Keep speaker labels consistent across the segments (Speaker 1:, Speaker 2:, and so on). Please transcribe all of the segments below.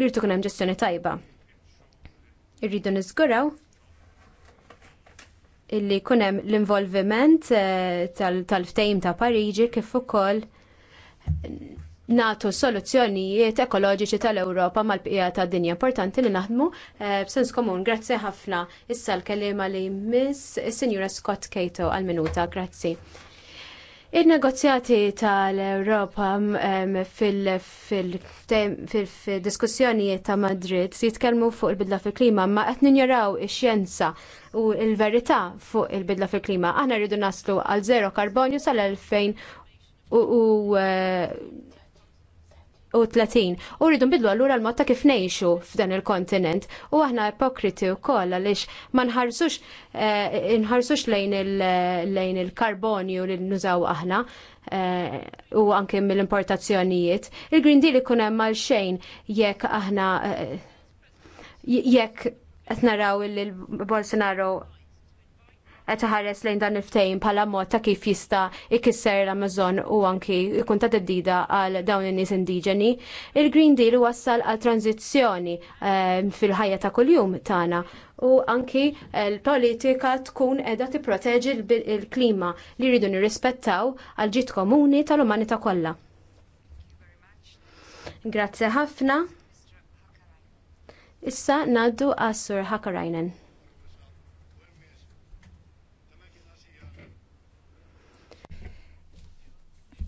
Speaker 1: mirtu kunem ġestjoni tajba. Irridu nizguraw illi kunem l-involviment eh, tal-ftejm ta' Parigi kif ukoll natu soluzzjonijiet ekoloġiċi tal-Ewropa mal-bqija ta' dinja importanti li naħdmu eh, b'sens komun. Grazzi ħafna. Issa l-kelima li miss is-Sinjura Scott Cato għal-minuta. Grazzi. Il-negozjati tal-Europa fil-diskussjonijiet ta' Madrid jitkellmu fuq il-bidla fil-klima ma qed jaraw ix-xjenza u l-verità fuq il-bidla fil-klima. Aħna rridu naslu għal zero karbonju sal-2000 u 30 u rridu nbidlu allura l-mod ta' kif ngħixu f'dan il-kontinent u aħna ipokriti wkoll għaliex ma nħarsux eh, nħarsux lejn il-karbonju li nużaw aħna eh, u anke mill-importazzjonijiet. Il-Green Deal ikun hemm għal xejn jekk aħna eh, jekk qed naraw il-Bolsonaro qed iħares lejn dan il ftehim bħala mod ta' kif jista' ikisser l-Amazon u anki jkun ta' teddida għal dawn in-nies indiġeni. Il-Green Deal wassal għal tranzizzjoni eh, fil-ħajja ta' kuljum tagħna u anki l-politika tkun qiegħda tipproteġi l-klima li jridu nirrispettaw għal ġid komuni tal-umanità kollha. Grazzi ħafna. Issa naddu għas-Sur Hakarajnen.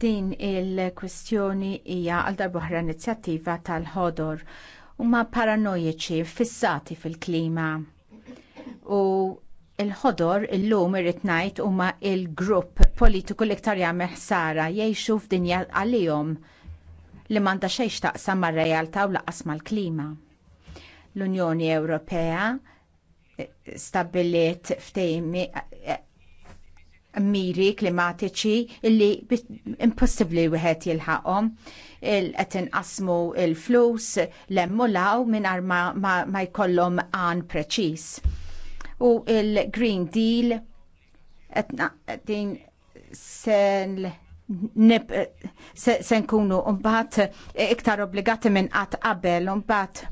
Speaker 2: Din il-kwestjoni hija għal darbohra inizjattiva tal-ħodor huma paranoiċi fissati fil-klima. U il-ħodor illum irrid ngħid huma l grupp politiku l-iktar jagħmel ħsara jgħixu f'dinja għalihom li m'għandha xejn x'taqsam mar-realtà u laqas mal-klima. L-Unjoni Ewropea stabbiliet ftehim miri klimatiċi li impossibbli wieħed jilħaqhom qed inqasmu l-flus lemmu law mingħajr ma, ma, ma jkollhom għan preċiż. U l green Deal qed sen nib, se nkunu mbagħad iktar obbligati minn qatt qabel mbagħad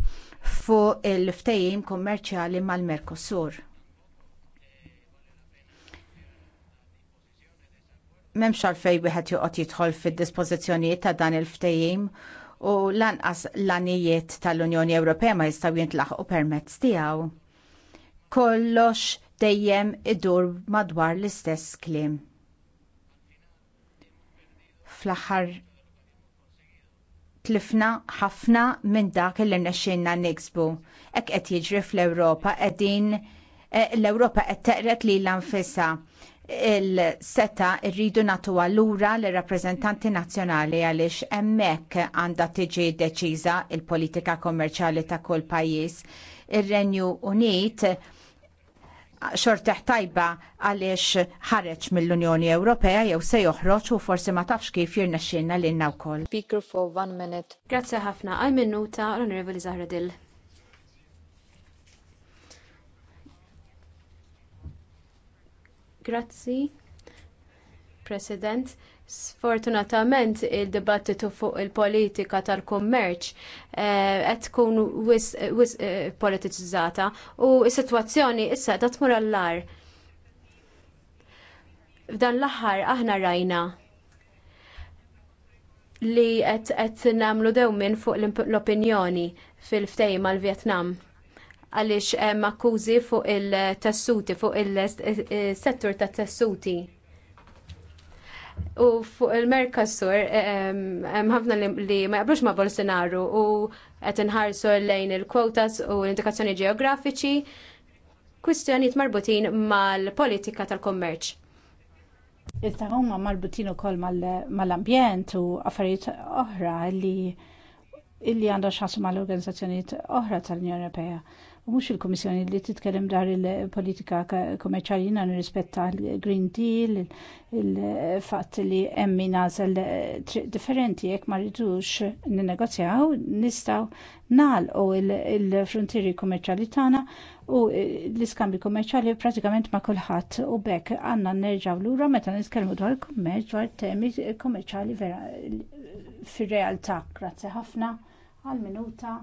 Speaker 2: fuq il-ftehim kummerċjali mal-Merkosur. memx għalfej wieħed joqgħod jidħol fid-dispożizzjonijiet ta' dan il-ftehim u lanqas l-anijiet tal-Unjoni Ewropea ma jistgħu jintlaħqu permezz tiegħu. Kollox dejjem idur madwar l-istess kliem. Fl-aħħar tlifna ħafna minn dak li nexxinna niksbu. Hekk qed jiġri fl-Ewropa qegħdin eh, l-Ewropa qed teqret lilha nfisha il-seta rridu natu għallura l rappreżentanti nazzjonali għaliex hemmhekk għandha tiġi deċiża il-politika kommerċali ta' kull pajjiż. Ir-Renju Unit xorteħ tajba għaliex ħareġ mill-Unjoni Ewropea jew se joħroġ u forsi ma tafx kif jirnexxinna lilna wkoll.
Speaker 1: Speaker for one minute. Grazzi ħafna għal minuta l-Onorevoli Zahradil. Grazzi, President. Sfortunatament id-dibattitu fuq il-politika tal-kummerċ eh, qed tkun wis eh, politiċizzata u s-sitwazzjoni issa qed tmur għall-ar. F'dan l-aħħar aħna rajna li qed nagħmlu dewmien fuq l-opinjoni fil-ftejma mal vjetnam għaliex hemm akkużi fuq il-tessuti, fuq il-settur tat tessuti. U fuq il merkasur hemm ħafna li ma jaqbrux ma' Bolsonaro u qed inħarsu lejn il-kwotas u l-indikazzjoni ġeografiċi kwistjonijiet marbutin mal-politika tal-kommerċ.
Speaker 3: Iżda huma marbutin ukoll mal-ambjent u affarijiet oħra li illi għandha xasu mal organizzazzjonijiet oħra tal-Unjoni Ewropea u mhux il-Kummissjoni li titkellem dar il-politika komerċali jina nirrispetta l-Green Deal, il-fatt li hemm min għażel jek differenti jekk ma rridux ninnegozjaw nistgħu nagħlqu il-frontieri kummerċjali tagħna u l-iskambi kummerċjali pratikament ma' kulħadd u bekk għandna l lura meta nitkellmu dwar il-kommerċ, dwar temi kummerċjali vera fir-realtà. Grazzi ħafna għal minuta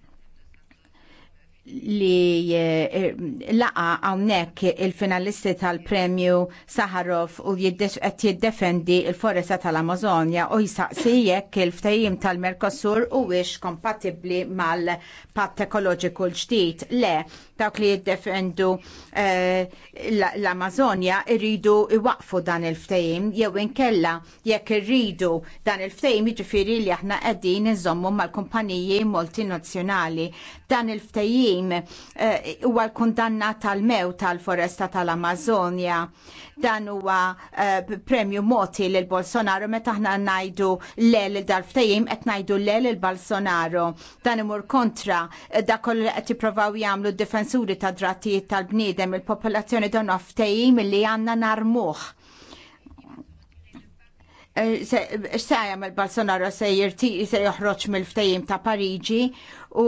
Speaker 2: li eh, eh, laqa għawnek il-finalisti tal-premju Saharov u qed jiddefendi il-foresta tal-Amazonja u jisaqsijek jekk il-ftajim tal-Merkosur u wix kompatibli mal-patt ekoloġiku l-ġdid. Le, dawk li jiddefendu eh, l-Amazonja irridu iwaqfu dan il-ftajim jew inkella jekk irridu dan il-ftajim jiġifieri li aħna qegħdin iżommu mal-kumpaniji multinazzjonali. Dan il-ftajim ftejm eh, huwa l-kundanna tal-mew tal-foresta tal-Amazonja. Dan huwa eh, premju moti lil Bolsonaro meta aħna ngħidu le lil dal-ftejm qed ngħidu le il Bolsonaro. Dan imur kontra eh, da kollu li qed jippruvaw jagħmlu d-difensuri ta' drattijiet tal-bniedem il-popolazzjoni donna ftejim li għandna Ix-sajam il-Bolsonaro se jirti se joħroġ mill-ftejim ta' Pariġi u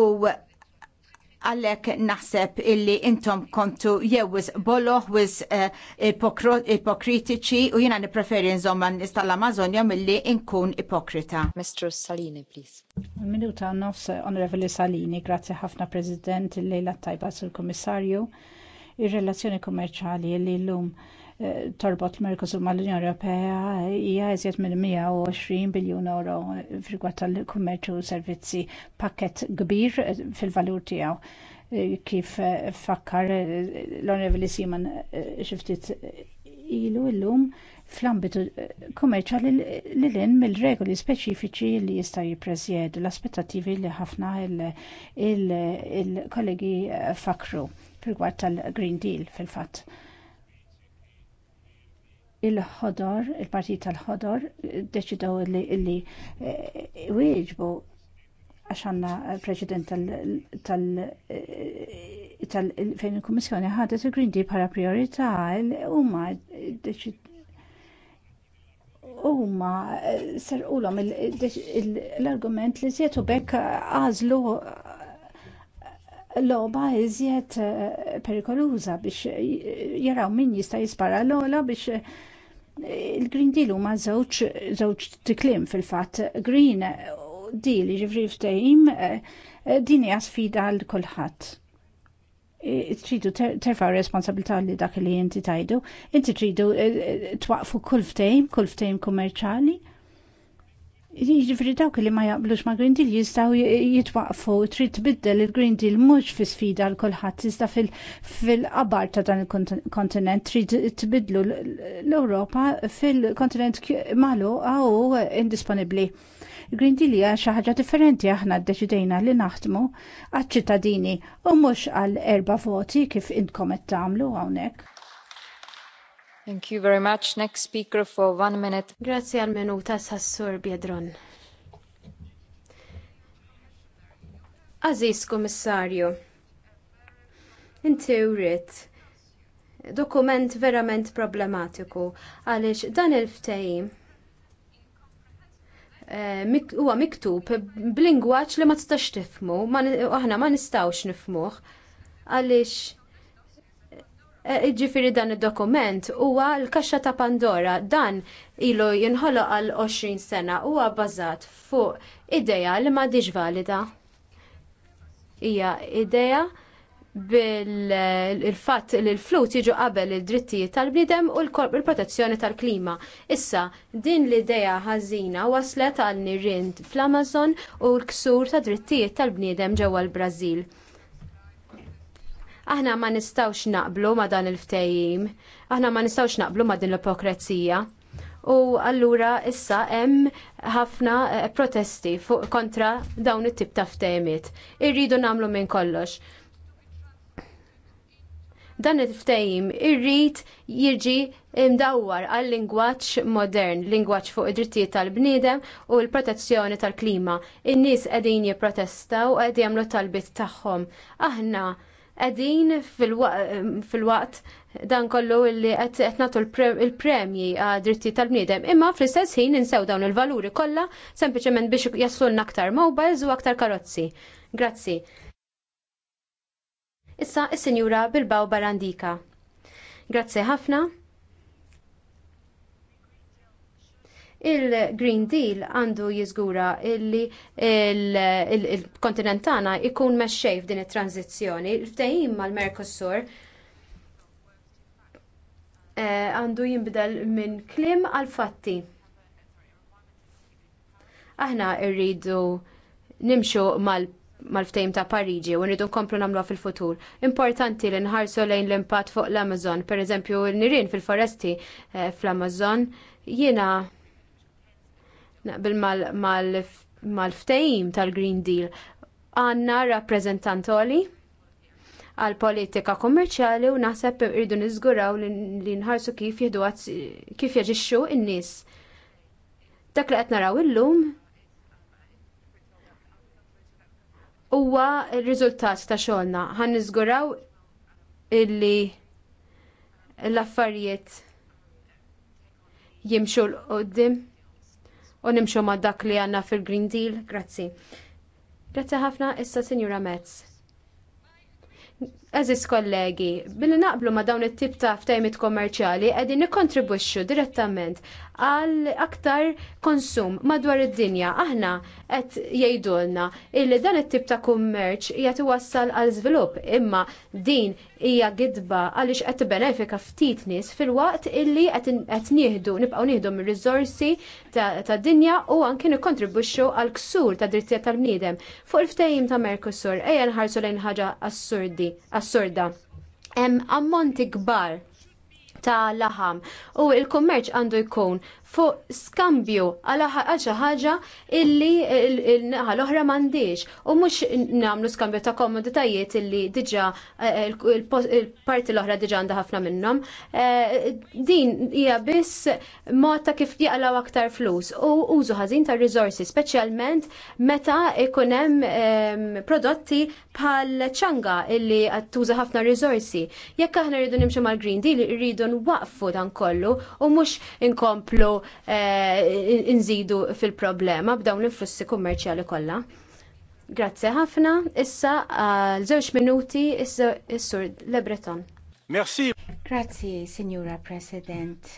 Speaker 2: għallek naħseb illi intom kontu jewis boloħ wis eh, ipokritiċi u jina nipreferi nżomman tal-Amazonja mill-li inkun ipokrita. Mr. Salini, please.
Speaker 3: Minuta nofs, Onorevoli Salini, grazie ħafna President, il-lejla tajba sul-Komissarju, il-relazzjoni kommerċali li l-lum. il relazzjoni kommerċali il relazzjoni kommerċali li l lum torbot Mercosur mal-Unjoni Ewropea hija eżjed minn 120 biljun euro frigward tal-kummerċu u servizzi pakket kbir fil-valur tiegħu kif fakkar l-Onorevoli Siman xiftit ilu llum fl-ambitu kummerċjali li l mill-regoli speċifiċi li jista' jippreżjedu l-aspettattivi li ħafna il-kollegi fakru rigward tal-Green Deal fil-fatt il-ħodor, il-partit tal-ħodor, deċidaw li eh, wieġbu għax għanna preċedent eh, tal fejn il-Kummissjoni ħadet il-Green Deal bħala priorità huma huma eh, serqulhom l-argument li sietu bekk għażlu logħba iżjed perikoluża biex jaraw min jista' jispara l-ogħla biex il-Green Deal huma żewġ żewġ tiklim fil-fatt Green Deal jiġifieri ftehim eh, din hija sfida għal kulħadd. Eh, tridu terfa' responsabilità li dak li inti tajdu, inti tridu eh, twaqfu kull ftehim, kull ftehim kummerċali Jiġifieri dawk li ma jaqblux ma' Green Deal jistgħu jitwaqfu trid tbiddel il-Green Deal mhux fi sfida għal kulħadd iżda fil-qabar ta' dan il-kontinent trid tbidlu l-Ewropa fil-kontinent malu u indisponibbli. Green Deal hija xi ħaġa differenti aħna ddeċidejna li naħdmu għaċ-ċittadini u mhux għal erba' voti kif intkom
Speaker 1: qed tagħmlu hawnhekk. Thank you very much. Next speaker for one minute. Grazie al minuta sassur Biedron. Aziz Komissarju, inti uriet dokument verament problematiku għaliex dan il-ftehim eh, huwa miktub b'lingwaġġ li ma tistax tifhmu, aħna ma nistgħux nifhmuh għaliex Eh, Ġifiri dan id-dokument huwa l-kaxxa ta' Pandora dan ilu jinħolo għal 20 sena huwa bbażat fuq ideja li m'għadix valida. Hija ideja bil-fatt li l-flus jiġu qabel id-drittijiet tal-bniedem u l-protezzjoni tal-klima. Issa, din l-idea ħażina waslet għal nirien fl-Amazon u l-ksur ta' drittijiet tal-bniedem ġewwa l-Brażil. Aħna ma nistawx naqblu ma dan il-ftejim, aħna ma nistawx naqblu ma din l-ipokrezija. U allura issa hemm ħafna eh, protesti fuq kontra dawn it-tip ta' ftejmiet. Irridu namlu minn kollox. Dan il-ftejim irrid jirġi imdawwar għal lingwaġġ modern, lingwaġġ fuq id-drittijiet tal-bniedem u l-protezzjoni tal-klima. In-nies qegħdin jipprotestaw u qed jagħmlu talbiet tagħhom. Aħna qegħdin fil-waqt dan kollu li qed nagħtu l-premji għad tal-bniedem. Imma fl-istess ħin insew dawn il-valuri kollha sempliċement biex jaslulna aktar mobiles u aktar karozzi. Grazzi. Issa is-Sinjura bil-baw Barandika. Grazzi ħafna. Il-Green Deal għandu jiżgura illi il kontinentana tagħna ikun meċċej f'din it-tranzizzjoni. Il-ftehim mal-Mercosur eh, għandu jinbidel minn klim għal fatti. Aħna rridu nimxu mal mal-ftejm ta' Pariġi u nridu nkomplu nagħmluha fil-futur. Importanti li nħarsu lejn l-impatt fuq l-Amazon, pereżempju n nirien fil-foresti eh, fl-Amazon, jiena naqbel mal-ftejim tal-Green Deal għanna rappresentantoli għal politika kummerċjali u naħseb irridu niżguraw li nħarsu kif jihdu kif jaġixxu n-nies. Dak li qed naraw illum huwa r-riżultat ta' xogħolna. Ħan niżguraw illi l-affarijiet jimxu l-qoddim u nimxu ma' dak li għandna fil-Green Deal. Grazzi. Grazzi ħafna issa Sinjura Metz. Eżis kollegi, billi naqblu ma dawn it-tip ta' ftajmit kommerċali qegħdin nikkontribwixxu direttament għal aktar konsum madwar id-dinja. Aħna qed jgħidulna illi dan it-tip ta' kummerċ qiegħed iwassal għal żvilupp, imma din hija gidba għaliex qed tibbenefika ftit nies fil-waqt illi qed nieħdu nibqgħu nieħdu mir-riżorsi tad-dinja u anke nikkontribwixxu għal ksur ta' drittijiet tal-bniedem fuq il-ftehim ta' Mercosur ejja nħarsu lejn ħaġa assurdi assurda. Hemm ammonti kbar ta' laħam u l kummerċ għandu jkun fuq skambju għal ħaġa ħaġa illi l naħa l-oħra m'għandix u mhux nagħmlu skambju ta' komoditajiet illi diġà eh, eh, il-parti l-oħra diġà għandha ħafna minnhom. Eh, din hija biss mod ta' kif jaqlaw aktar flus u użu ħażin ta' risorsi speċjalment meta ikun hemm ehm, prodotti bħal ċanga illi tuża ħafna risorsi. Jekk aħna rridu nimxu mal-Green Deal, rridu nwaqfu dan kollu u mhux inkomplu Eh, inżidu fil-problema b'dawn l-influssi kummerċjali kollha. Grazzi ħafna. Issa għal żewġ minuti issa s-sur Lebreton. Merci. Grazzi, Signora President.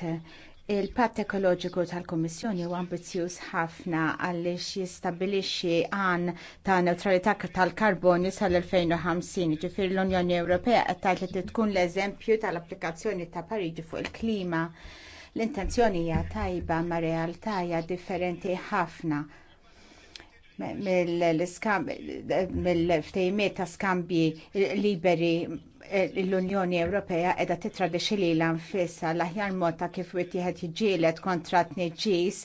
Speaker 1: Il-patt ekoloġiku
Speaker 2: tal-Kommissjoni huwa ambizzjuż ħafna għaliex jistabbilixxi għan ta' neutralità tal-karbonju sal-2050. Ġifier l-Unjoni Ewropea qed tgħid li tkun l-eżempju tal-applikazzjoni ta' Pariġi fuq il-klima. L-intenzjoni hija tajba ma' realtà hija differenti ħafna mill ftehimiet ta' skambji liberi Eh, l-Unjoni Ewropea qiegħda titradixxi lilha nfisha l-aħjar mod kif wieħed jiġġieled kontrat neġis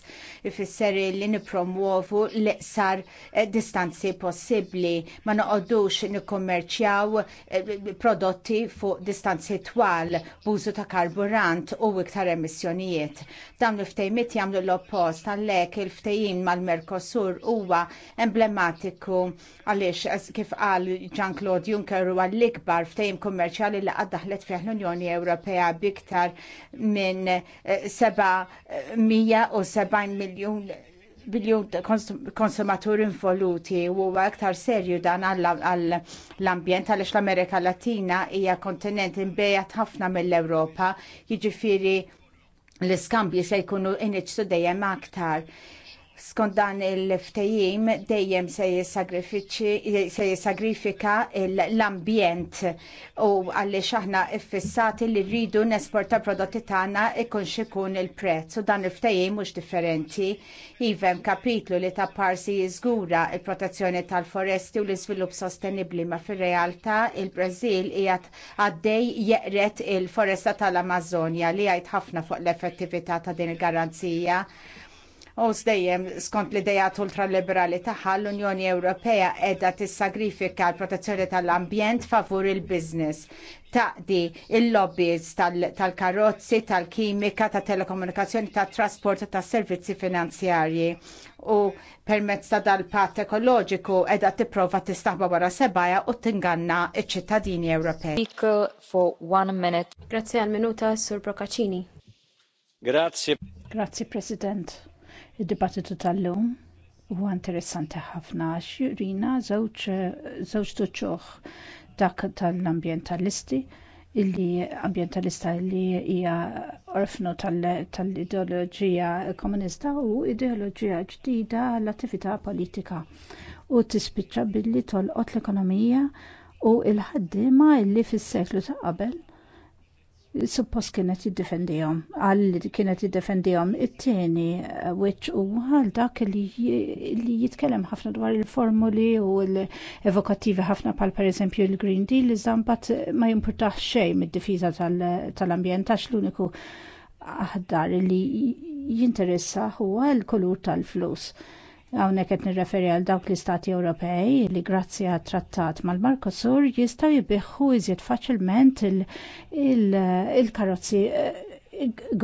Speaker 2: ifisser li nipromuovu l-iqsar eh, distanzi possibbli ma noqogħdux nikkummerċjaw eh, prodotti fuq distanzi twal b'użu ta' karburant u iktar emissjonijiet. Dawn l-ftejmit jagħmlu l-oppost għalhekk il-ftejjin mal-Merkosur huwa emblematiku għaliex kif għal Jean-Claude Juncker u l-ikbar kummerċjali li għad daħlet fih l-Unjoni Ewropea biktar minn 770 eh, eh, miljun biljon konsumatur involuti u aktar serju dan għall-ambjent għaliex l-Amerika Latina hija kontinent imbejat ħafna mill-Ewropa, jiġifieri l-iskambji se jkunu iniċsu dejjem aktar skont dan il-ftejim dejjem se jisagrifika l-ambjent u għaliex aħna iffissati li rridu nesporta prodotti tagħna ikun xikun il-prezz u dan il-ftejim mhux differenti. Ivem kapitlu li ta' parsi jiżgura il-protezzjoni tal-foresti u l-iżvilupp sostenibbli ma fir-realtà il-Brażil hija għaddej jeqret il-foresta tal-Amazonja li għajt ħafna fuq l-effettività ta' din il-garanzija U dejjem skont l-idejat ultraliberali tagħha l-Unjoni Ewropea qiegħda tissagrifika l-protezzjoni tal-ambjent favur il-biznis. Taqdi il-lobbies tal-karozzi, tal-kimika, tal-telekomunikazzjoni, tal-trasport, tal-servizzi finanzjarji. U permezz ta' dal-pat ekoloġiku qiegħda tipprova tistaħba wara sebaja u tinganna iċ-ċittadini Ewropej.
Speaker 3: Grazie għal minuta Sur Procaccini. Grazie. Grazie President Id-dibattitu tal-lum huwa interessanti ħafna għax jurina żewġ tuċċuħ dak tal-ambjentalisti illi ambjentalista li hija orfnu tal-ideoloġija komunista u ideoloġija ġdida l-attività politika u tispiċċa billi tolqot l-ekonomija u l ħaddiema illi fis-seklu ta' qabel suppost kienet jiddefendihom, għal kienet jiddefendihom it-tieni, uh, which u għal dak li jitkellem ħafna dwar il-formuli u l-evokattivi ħafna pal per eżempju il-Green Deal, iżambat ma jimportax xejn mid-difiża tal-ambjent għax l-uniku aħdar li jinteressa huwa l-kulur tal-flus. tal flus Hawnhekk qed nirreferi għal dawk l-Istati Ewropej li grazzi għat trattat mal-Markosur jistaw jibieħħu iżjed faċilment il-karozzi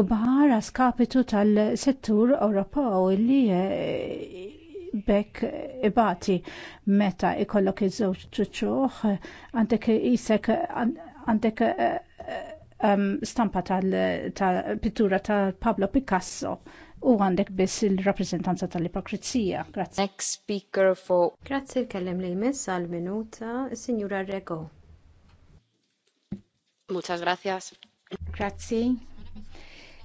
Speaker 3: kbar eh, għas kapitu tal-settur Ewropew li eh, bekk ibati meta ikollok iż-żewġ ċuċuħ għandek isek għandek eh, stampa tal-pittura tal Pablo Picasso u għandek biss il-rappreżentanza tal-ipokrizija. Grazie. Next speaker
Speaker 1: for. Grazzi kellem li jmiss għal minuta signora Rego. Muchas gracias. Grazzi.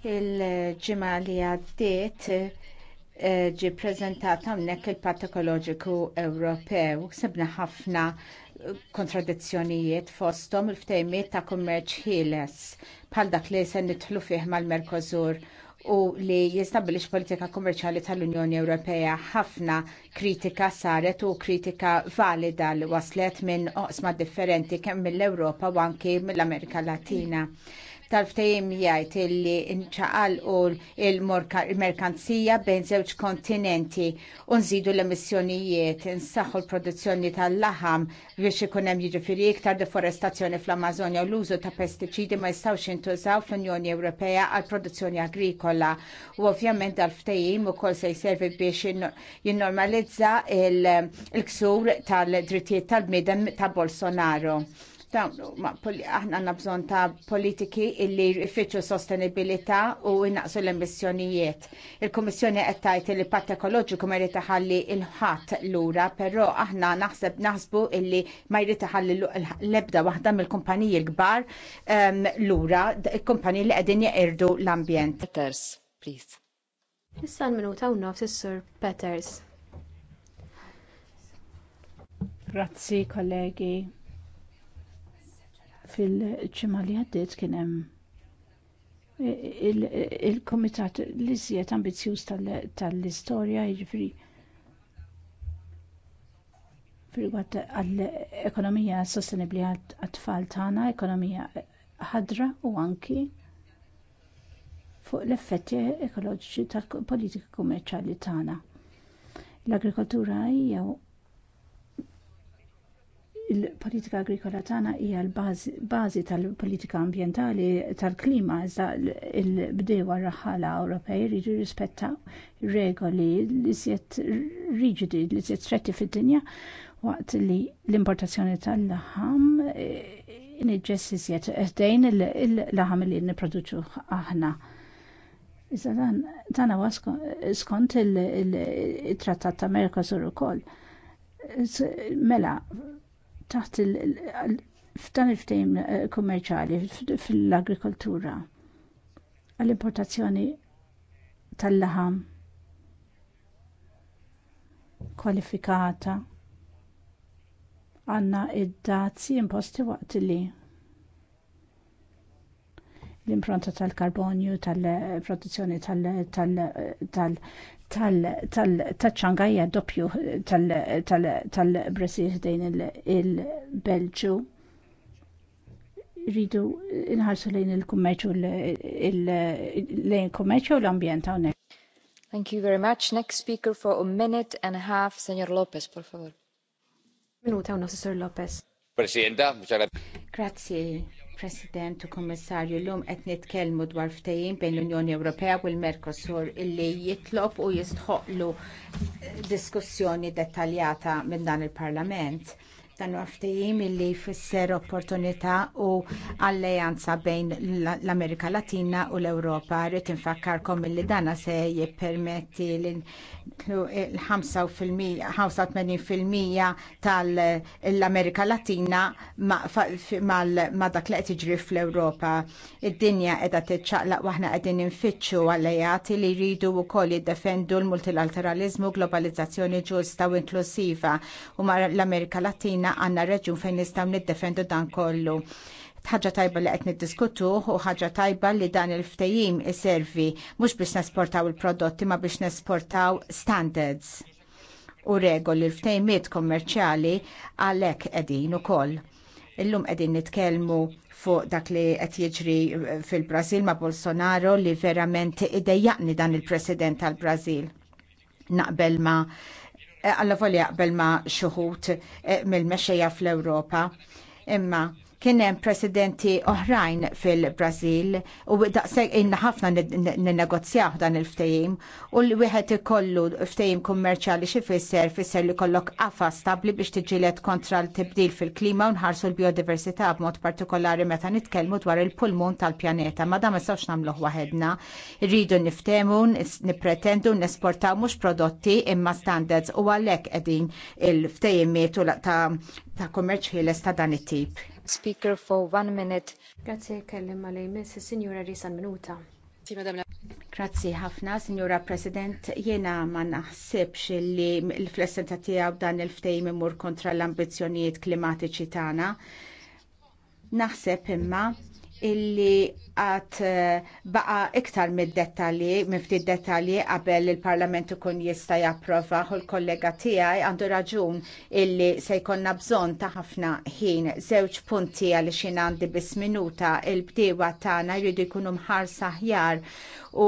Speaker 1: Il-ġimgħa li għaddiet
Speaker 2: eh, ġi prezentat hawnhekk il-Patt Ekoloġiku Ewropew. Sebna ħafna kontradizzjonijiet fosthom il-ftejmiet ta' kummerċ ħiles. bħal dak li se nidħlu fih mal-Merkozur u li jistabilix politika kummerċali tal-Unjoni Ewropea ħafna kritika saret u kritika valida li waslet minn oqsma differenti kemm mill-Ewropa u anki mill-Amerika Latina. Mm tal-ftehim jgħid illi u il-merkanzija bejn żewġ kontinenti u nżidu l-emissjonijiet, nsaħħu l-produzzjoni tal-laħam biex ikun hemm jiġifieri iktar deforestazzjoni fl-Amazonja u l-użu ta' pestiċidi ma jistgħux jintużaw fl-Unjoni Ewropea għal produzzjoni agrikola. U ovvjament dal-ftehim ukoll se jservi biex jinnormalizza il-ksur tal-drittijiet tal-bniedem ta' Bolsonaro aħna nabżon ta' politiki illi jfittxu sostenibilità u innaqsu l-emissjonijiet. il komissjoni qed tgħid li patt ekoloġiku ma jrid iħalli l-ħadd lura, però aħna naħseb naħsbu illi ma jrid iħalli l-ebda waħda mill-kumpaniji l-kbar ehm, lura, il-kumpaniji li qegħdin jeqirdu l-ambjent. Peters, please.
Speaker 3: Issa l-minuta u nofs is-Sur Peters. Grazzi kollegi fil ċima li għaddiet kien hemm e, il-Kumitat li żjed ambizzjuż tal-istorja jiġifieri fil għall-ekonomija sostenibbli għat-tfal tagħna, ekonomija ħadra u anki fuq l-effetti ekoloġiċi tal-politika kummerċjali tagħna. L-agrikoltura hija il-politika agrikola tagħna hija l-bażi tal-politika ambjentali tal-klima iżda l-bdewa raħala Ewropej jridu jirrispettaw regoli li siet riġidi li siet stretti fid-dinja waqt li l-importazzjoni tal-laħam eh, niġġessisjet dejn il-laħam li nipproduċu aħna. Iżda dan tagħna skont il-Trattat ta' Mercosur ukoll. Mela, taħt f'dan il-ftehim eh, kummerċali fil-agrikoltura għall-importazzjoni tal-laħam kwalifikata għandna id-dazzi imposti waqt li l-impronta tal-karbonju tal-produzzjoni eh, tal-laħam tal, tal, eh, tal-ċangajja doppju tal-Brasil dejn il-Belġu. Ridu inħarsu lejn il-kummerċu lejn il-kummerċu l-ambjent hawnhekk. Thank you very much. Next speaker for a minute and a half, Senor Lopez, por favor.
Speaker 2: Minuta, Sir Lopez.
Speaker 3: Presidenta, muchas gracias.
Speaker 2: Grazie, President u Kommissarju, l-lum qed nitkellmu dwar ftehim bejn l-Unjoni Ewropea u l-Mercosur illi jitlob u jistħoqlu diskussjoni dettaljata minn dan il-Parlament dan għaftajim illi jfisser opportunità u alleanza bejn l-Amerika Latina u l-Europa. Rrit infakkarkom illi dana se jippermetti l-85% tal-Amerika Latina ma dak li qed tiġri fl-Europa. Id-dinja qiegħda tiċċaqlaq waħna qegħdin infittxu allejati li jridu wkoll jiddefendu l-multilateralizmu, globalizzazzjoni ġusta u inklusiva u l-Amerika Latina għanna għandna reġjun fejn nistgħu niddefendu dan kollu ħaġa tajba li qed niddiskutu u ħaġa tajba li dan il ftejim iservi mhux biex nesportaw il-prodotti ma biex nesportaw standards u regoli l ftejmiet kommerċjali għalhekk qegħdin ukoll. Illum qegħdin nitkellmu fuq dak li qed jiġri fil-Brażil ma' Bolsonaro li verament idejjaqni dan il-President tal-Brażil naqbel ma Eh, għalla voli jaqbel ma xuħut eh, mill-mexxejja fl-Ewropa. Imma Kien hemm presidenti oħrajn fil-Brażil u daqshekk inna ħafna ninnegozjaw dan il-ftehim u l wieħed ikollu ftehim kummerċjali xi fisser fisser li kollok qafa stabbli biex tiġilet kontra l-tibdil fil-klima u nħarsu l-biodiversità b'mod partikolari meta nitkellmu dwar il-pulmun tal-pjaneta. Ma dam ma nagħmluh waħedna. Irridu niftehmu, nippretendu, nesportaw mhux prodotti imma standards u għalhekk qegħdin il-ftehimiet ta' ta' kummerċ ħieles ta' dan it-tip. Speaker for one minute. Grazie kellim għalej miss, signora Risan Minuta. Grazzi ħafna, Signora President. Jena ma naħsibx li l-flessenta tiegħu dan il-ftejm imur kontra l-ambizzjonijiet klimatiċi tagħna. Naħseb imma illi għat eh, baqa iktar mid-detalji, miftit detali qabel il-Parlament ikun jista japprova u l-kollega tiegħi għandu raġun illi se jkollna bżonn ta' ħafna ħin. Żewġ punti għal xin għandi bis minuta il bdewa tagħna jridu jkunu mħarsa saħjar u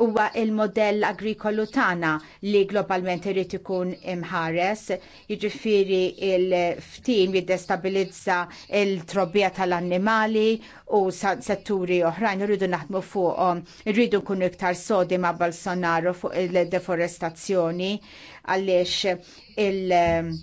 Speaker 2: huwa il-modell agrikolu tagħna li globalment irid ikun imħares, jiġifieri il-ftim jiddestabilizza il-trobbija tal-annimali u settur fatturi oħrajn irridu naħdmu fuqhom, irridu nkunu iktar sodi ma' Bolsonaro fuq il-deforestazzjoni għaliex il-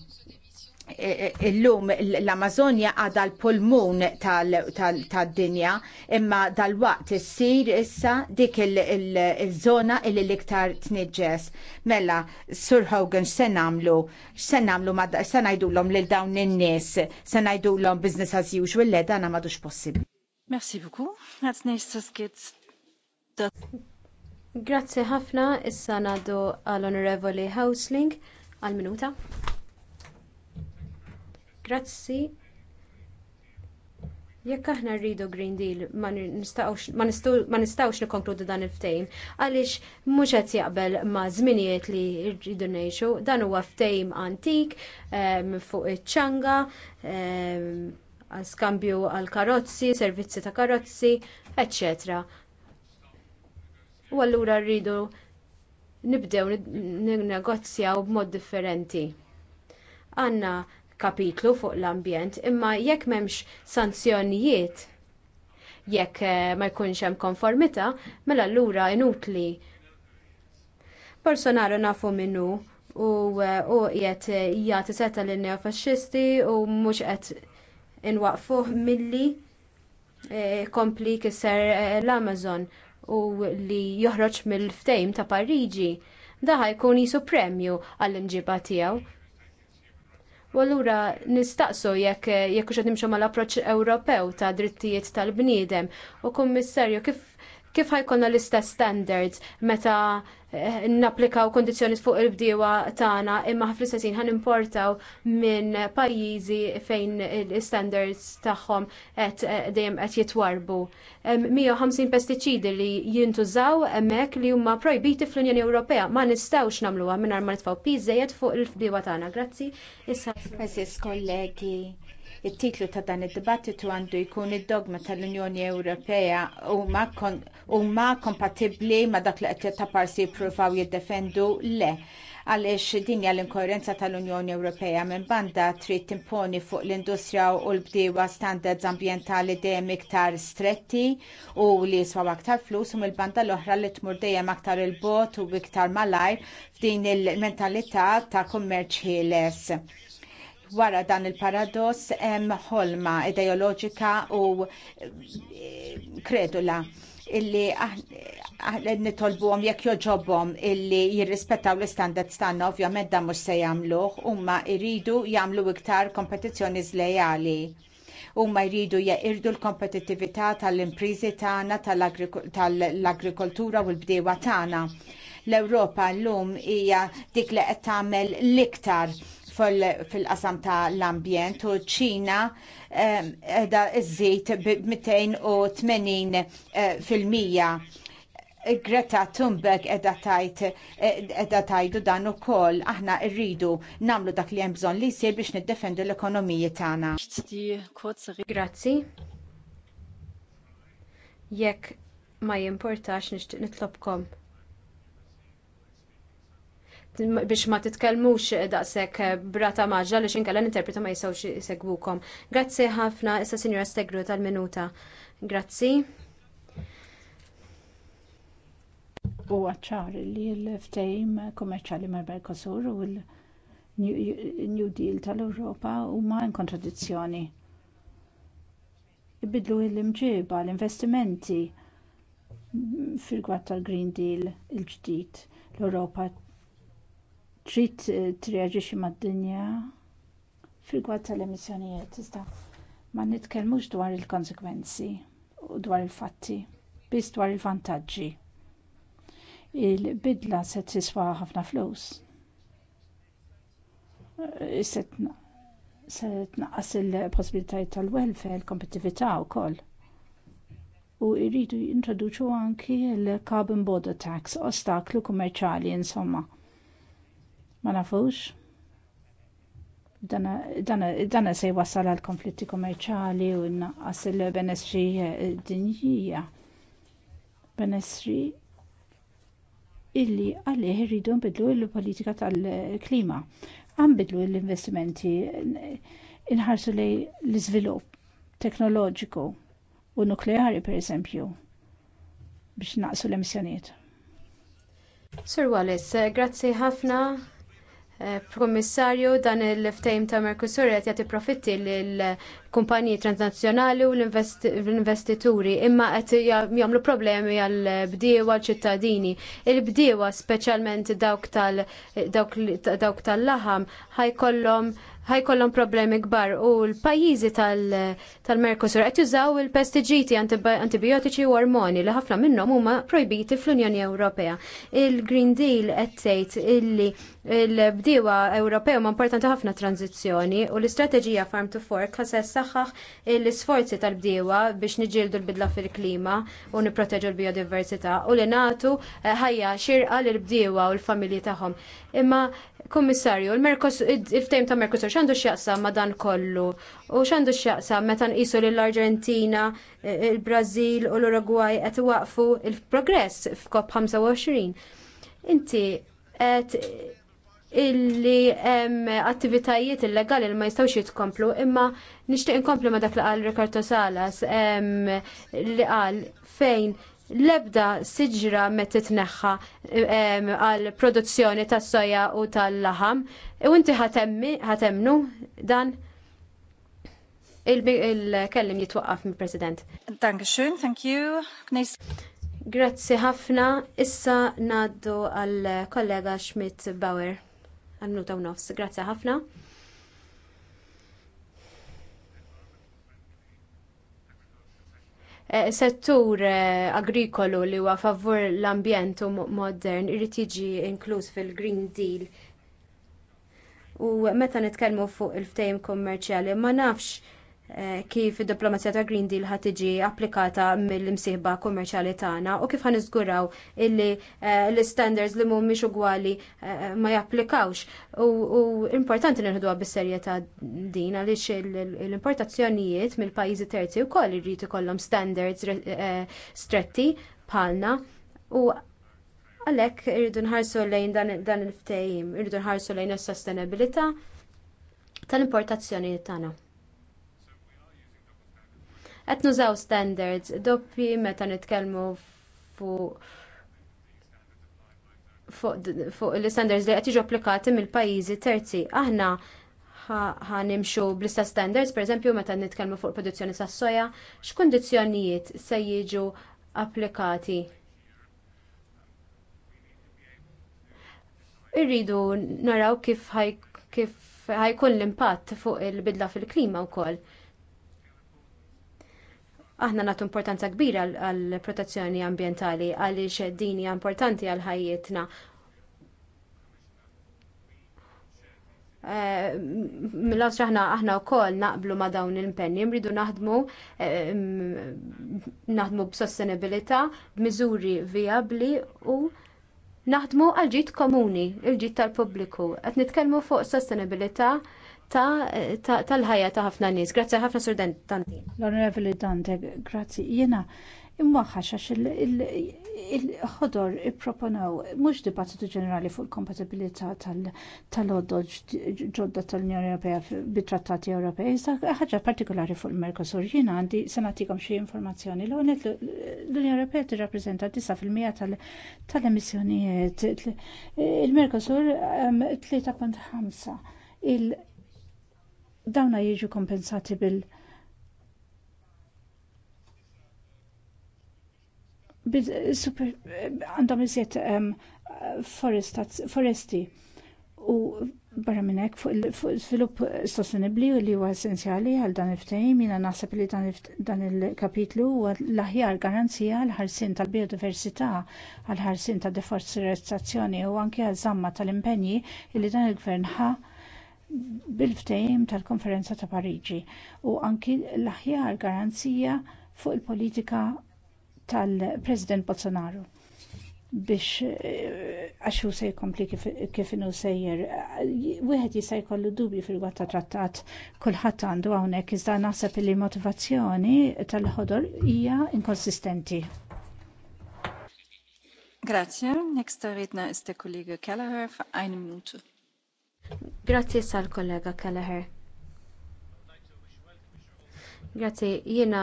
Speaker 2: illum l-Amazonja għadha l-pulmun tad-dinja imma dal-waqt issir issa dik il-żona il l-iktar tniġġes. Mela, Sur Hogan x'se nagħmlu? X'se nagħmlu se ngħidulhom lil dawn in-nies? Se ngħidulhom business as usual le dan madux possibbli. Grazie
Speaker 1: Grazzi ħafna, issa nadu għall onorevoli Hausling għal minuta. Grazzi. Jekk aħna rridu Green Deal ma nistgħux nikkonkludu dan il-ftehim għaliex mhux qed jaqbel ma' żminijiet li rridu ngħixu, dan huwa ftehim antik ehm, fuq iċ-ċanga ehm, skambju għal karozzi, servizzi ta' karozzi, etc. U allura rridu nibdew negozjaw b'mod differenti. Għanna kapitlu fuq l-ambjent, imma jekk m'hemmx sanzjonijiet, jekk eh, ma jkunx hemm konformità, mela allura inutli. Bolsonaro nafu minnu u eh, qiegħed jagħti seta lin neofaxxisti u mhux qed inwaqfuh milli eh, kompli kisser eh, l-Amazon u li joħroġ mill-ftejm ta' Pariġi. daħ jkun jisu premju għall-imġiba tiegħu. U allura nistaqsu jekk eh, jekk xed nimxu mal-approċċ Ewropew ta' drittijiet tal-bniedem u kummissarju kif kif ħajkonna l-istess standards meta n-applikaw kondizjoni fuq il-bdiewa tagħna imma ħafna istess ħin importaw minn pajjiżi fejn il-standards tagħhom qed eh, dejjem qed jitwarbu. 150 pestiċidi li jintużaw hemmhekk li huma projbiti fl-Unjoni Ewropea ma nistgħux nagħmluha mingħajr ma nitfgħu piżejjed fuq il-bdiewa tagħna. Grazzi. Issa. kollegi it-titlu ta' dan id-dibattitu għandu jkun id-dogma tal-Unjoni
Speaker 2: Ewropea huma kompatibbli ma' dak li qed jittaparsi jippruvaw jiddefendu le għaliex din hija l-inkoerenza tal-Unjoni Ewropea minn banda trid timponi fuq l-industrija u l-bdiewa standards ambjentali dejjem iktar stretti u li jiswaw aktar flus u mill-banda l-oħra li tmur dejjem aktar il-bot u iktar malajr f'din il-mentalità ta' kummerċ ħieles Wara dan il-paradoss hemm ħolma ideoloġika u eh, kredula illi nitolbuhom jekk joġobhom illi jirrispettaw l-istandards tagħna ovvjament dan mhux se jagħmluh huma jridu jagħmlu iktar kompetizzjoni żlejali huma jridu jeqirdu l-kompetittività tal-imprizi tagħna tal-agrikoltura u l-bdiewa tagħna. L-Ewropa llum hija dik li qed tagħmel l-iktar fil-qasam ta' l-ambjent u ċina edha iżżid b-280 eh, fil-mija. Greta Thunberg edha tajt eh, edha tajdu dan ukoll aħna rridu namlu dak li hemm bżonn li jsir biex niddefendu l-ekonomiji tagħna.
Speaker 3: Grazzi.
Speaker 1: Jekk ma jimportax nixtieq nitlobkom biex ma titkellmux daqshekk brata maġġa li xinkella l ma jistgħux jsegwukom. Grazzi ħafna issa Sinjora Stegru tal-minuta. Grazzi. U għacċar li
Speaker 3: l-ftejm kommerċali mar berkosur u l-New Deal tal-Europa huma in kontradizzjoni. Ibidlu l-imġiba, l-investimenti fil-gwatt tal-Green Deal il-ġdid l-Europa trid eh, treaġixxi mad-dinja fil-gwad tal-emissjonijiet iżda ma nitkellmux dwar il-konsekwenzi u dwar il-fatti biss dwar il-vantaġġi il-bidla se tiswa ħafna flus eh, se tnaqqas il-possibilitajiet tal-welfare il-kompetittività wkoll u jridu jintroduċu anki l-carbon border tax ostaklu kummerċjali insomma ma nafux. Dana se wasal għal konflitti komerċali u naqqas il-benessri eh, dinjija. Benessri illi għalli irridu nbidlu il politika tal-klima. għambidlu l-investimenti, inħarsu li l-izvilupp teknoloġiku u nukleari per esempio biex naqsu l-emissjoniet.
Speaker 1: Sir Wallis, grazzi ħafna Eh, Kummissarju dan il-ftejm ta' Merkusur qed jagħti profitti lil kumpaniji transnazzjonali u l-investituri imma qed jagħmlu problemi għal bdiewa ċittadini. Il-bdiewa speċjalment dawk tal dawk tal-laħam ħajkollhom ħajkollhom problemi kbar u l-pajjiżi tal-Mercosur qed jużaw il-pestiġiti antibiotiċi u ormoni li ħafna minnhom huma projbiti fl-Unjoni Ewropea. Il-Green Deal qed tgħid illi l-bdiewa Ewropew ma importanti ħafna tranzizzjoni u l-istrateġija Farm to Fork ħasessa isaħħaħ l-isforzi tal-bdiewa biex niġildu l-bidla fil-klima u nipproteġu l-biodiversità u li nagħtu eh, ħajja xirqa l-bdiewa u l-familji tagħhom. Imma Kommissarju, il-ftejm ta' Mercosur xandu x'jaqsam ma' dan kollu? U x'għandu x'jaqsam meta nqisu lill arġentina eh, il-Brażil u l uruguay qed waqfu il-progress f'COP 25? Inti għet illi hemm attivitajiet illegali li ma jistgħux jitkomplu imma nixtieq inkomplu ma dak li qal Ricardo Salas li qal fejn l-ebda siġra met titneħħa għal produzzjoni tas soja u tal-laħam u inti ħatemnu dan il-kellim jitwaqqaf mill president Thank you, thank you. Grazzi ħafna, issa naddu għal kollega Schmidt Bauer għannuta u nofs. Grazzi ħafna. Eh, settur eh, agrikolu li huwa favur l-ambjent u modern irid jiġi inkluż fil-Green Deal. U meta nitkellmu fuq il-ftehim kummerċjali ma nafx Eh, kif id-diplomazija ta' Green Deal ħadd tiġi applikata mill-imsieħba kummerċjali tagħna u kif ħaniżguraw illi eh, l-standards li mhumiex ugwali eh, ma japplikawx. U importanti nirħduha bis-serjetà din għaliex l-importazzjonijiet mill-pajjiżi terzi wkoll irid ikollhom standards stretti bħalna u għalhekk irridu nħarsu lejn dan il-ftehim, irridu nħarsu lejn is-sostenibilità tal-importazzjonijiet tagħna. Qed nużaw standards doppi meta nitkellmu fuq fuq l-standards li qed jiġu applikati mill-pajjiżi terzi. Aħna ħanimxu bl-istess standards, pereżempju meta nitkellmu fuq produzzjoni tas soja, x'kundizzjonijiet se jiġu applikati. Irridu naraw kif ħajkun l-impatt fuq il-bidla fil-klima wkoll. Aħna nagħtu importanza kbira għall protezzjoni ambjentali għaliex din hija importanti għal ħajjitna. Eh, mill-għasra aħna aħna wkoll naqblu ma' dawn l-impenni, mridu naħdmu eh, naħdmu b'sostenibilità, b'miżuri vijabbli u naħdmu għal ġit komuni, il-ġid tal-pubbliku. Qed nitkellmu fuq sostenibilità tal-ħajja ta' ħafna nies. Grazzi ħafna Sur Danti. L-Onorevoli Dante, grazzi. Jiena
Speaker 3: imwaħħax għax il-ħodor ipproponaw mhux dibattitu ġenerali fuq il-kompatibilità tal-ħodor ġodda tal-Unjoni Ewropea bit-trattati Ewropej, iżda ħaġa partikolari fuq il-Mercosur. Jiena għandi se xie xi informazzjoni l għonet l-Unjoni Ewropea fil 9% tal-emissjonijiet. Il-Mercosur 3.5 um, il dawna jiġu kompensati bil għandhom iżjed um, foresti u barra minn hekk fuq il-svilupp sostenibbli li huwa essenzjali għal dan il-ftehim jina naħseb li dan il-kapitlu huwa l-aħjar garanzija għal ħarsien tal-biodiversità għal ħarsien tal deforestazzjoni u anke għal żamma tal-impenji li dan il-gvern ħa bil-ftehim tal-konferenza ta' Pariġi u anki l-aħjar garanzija fuq il-politika tal-President Bolsonaro biex eh, għaxu se jkompli kif inu sejjer. Wieħed jista' jkollu dubju fil ta' trattat kulħadd għandu hawnhekk iżda naħseb li motivazzjoni tal-ħodor hija inkonsistenti. Grazie. Nächster Redner ist der
Speaker 1: Kollege Kelleher für Grazzi sal-kollega Kelleher. Grazzi, jiena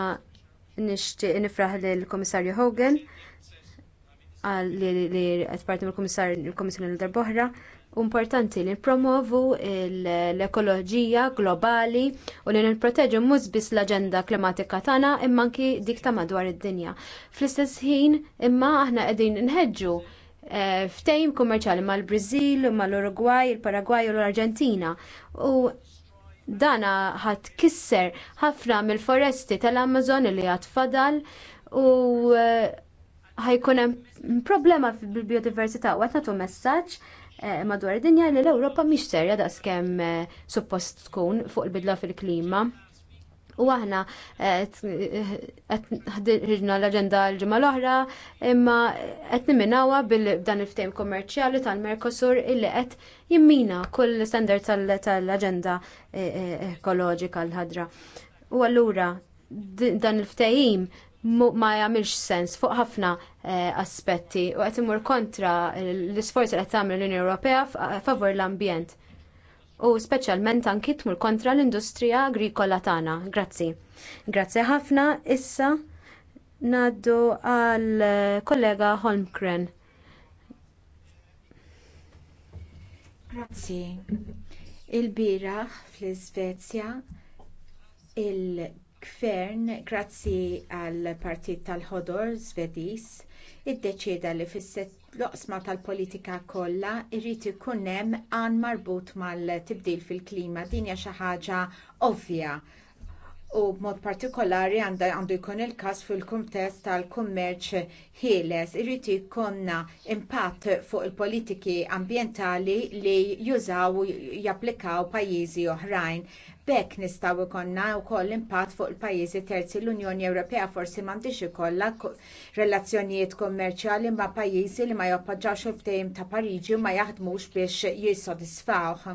Speaker 1: nixtieq nifraħ lill-Kummissarju Hogan li qed parti mill-Kummissar il-Kummissjoni l darbohra importanti li nippromovu l-ekoloġija globali u li nipproteġu mhux biss l-aġenda klimatika tagħna imma anki dik ta' madwar id-dinja. Fl-istess ħin imma aħna qegħdin nħeġġu Eh, ftejm kummerċali mal-Brazil, mal-Uruguay, il-Paraguay u l-Arġentina. U dana ħat kisser ħafna mill-foresti tal-Amazon li għat fadal u eh, ħajkun hemm problema bil-biodiversità u qed nagħtu messaġġ eh, madwar id-dinja li l-Ewropa mhix serja daqskemm suppost tkun fuq il-bidla fil-klima. U aħna eh, eh, ħdirna l-aġenda l-ġimgħa l-oħra imma qed niminawha bil-dan il-ftehim kommerċjali tal-Mercosur illi qed jimmina kull standard tal-aġenda eh, ekoloġika l-ħadra. U allura dan il-ftehim ma jagħmilx sens fuq ħafna aspetti u qed imur kontra l-isforzi li qed tagħmel l-Unjoni Ewropea favor l-ambjent u speċjalment anki tmur kontra l-industrija agrikola tagħna. Grazzi. Grazzi ħafna issa ngħaddu għal kollega Holmgren. Grazzi. il
Speaker 2: bira fl-Iżvezja il-gvern grazzi għall partit tal-ħodor id iddeċieda li fis-sett l oqsma tal-politika kollha jrid ikun hemm għan marbut mal-tibdil fil-klima din hija xi ħaġa ovvja u b'mod partikolari għandu jkun il każ fil-kuntest tal-kummerċ ħieles. Irrid jkollna impatt fuq il-politiki ambjentali li jużaw u japplikaw pajjiżi oħrajn. B'hekk nistgħu jkollna wkoll impatt fuq il-pajjiżi terzi l-Unjoni Ewropea forsi m'għandix ikollha relazzjonijiet kummerċjali ma' pajjiżi li ma jappoġġawx il-ftehim ta' Pariġi u ma jaħdmux biex jissodisfawh.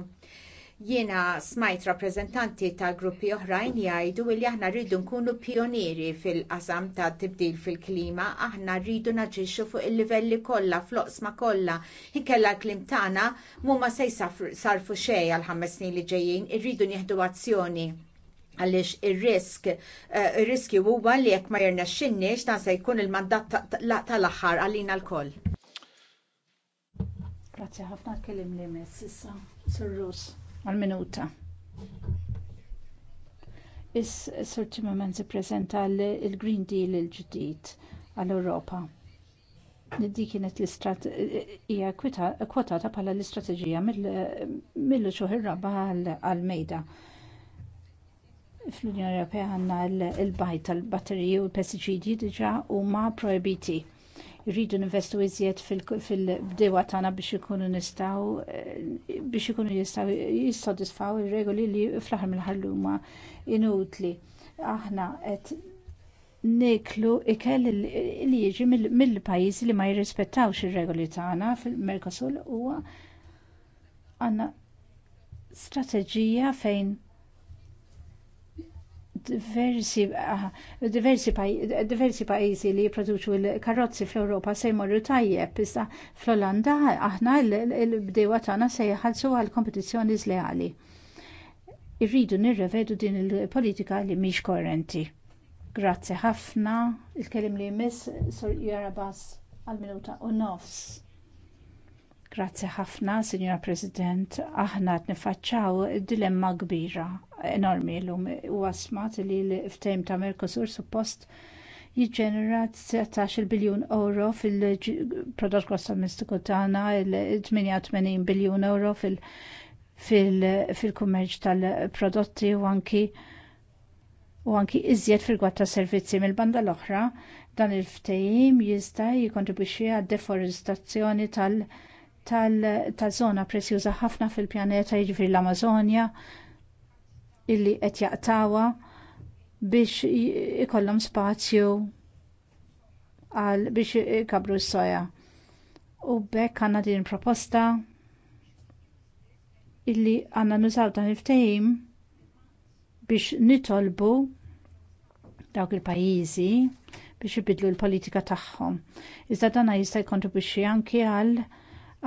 Speaker 2: Jiena smajt rappreżentanti ta' gruppi oħrajn jgħidu li aħna rridu nkunu pionieri fil-qasam ta' tibdil fil-klima, aħna rridu naġixxu fuq il-livelli kollha fl kollha. Inkella l-klim tagħna huma se jsarfu xejn għal ħames snin li ġejjin, irridu nieħdu azzjoni għaliex ir-risk eh, ir-riskju huwa li jekk ma jirnexxinniex dan se jkun il-mandat tal-aħħar għalina l-koll.
Speaker 3: ħafna kellim li mess Rus għal-minuta. Is-Sur Timmermans ippreżenta l-Green Deal il-ġdid għall-Ewropa. Niddi kienet l-Istrat hija kwotata bħala l-istrateġija mill-xhur raba għal-mejda. Fl-Unjoni Ewropea għandna l-bajt tal-batteriji u l-pestiċidi diġà huma proibiti rridu ninvestu iżjed fil-bdewa tagħna biex ikunu nistgħu eh, biex ikunu jistgħu jissodisfaw ir-regoli li fl-aħħar mill-ħallu huma inutli. Aħna qed niklu ikel li jiġi mill-pajjiżi li ma jirrispettawx ir-regoli tagħna fil-Merkosul huwa għandna strateġija fejn diversi, ah, diversi, diversi pajjiżi li jipproduċu l-karozzi fl-Ewropa se jmorru tajjeb, iżda fl-Olanda aħna l-bdewa tagħna se jħallsu għal kompetizzjoni żleali. Irridu nirrevedu din il-politika li mhix korrenti. Grazzi ħafna. Il-kelim li jmiss Sur Jarabas għal-minuta u nofs. Grazzi ħafna, Signora President. Aħna t-nifacċaw dilemma kbira enormi llum huwa għasmat li l-ftehim ta' Mercosur suppost jiġġenera 19 biljun euro fil-prodott gross domestiku tagħna, il-88 biljun euro fil-kummerċ tal-prodotti u anki u anki iżjed fil-gwatt ta' servizzi mill-banda l-oħra dan il ftejim jista' jikkontribwixxi għad-deforestazzjoni tal- tal-żona tal prezzjuża ħafna fil-pjaneta jiġifieri l-Amazonja illi qed jaqtawa biex ikollhom spazju għal biex ikabru s-soja. U bekk għandna din proposta illi għandna nużaw dan il-ftehim biex nitolbu dawk il-pajjiżi biex ibidlu l-politika tagħhom. Iżda dan jista' jkontribwixxi anki għal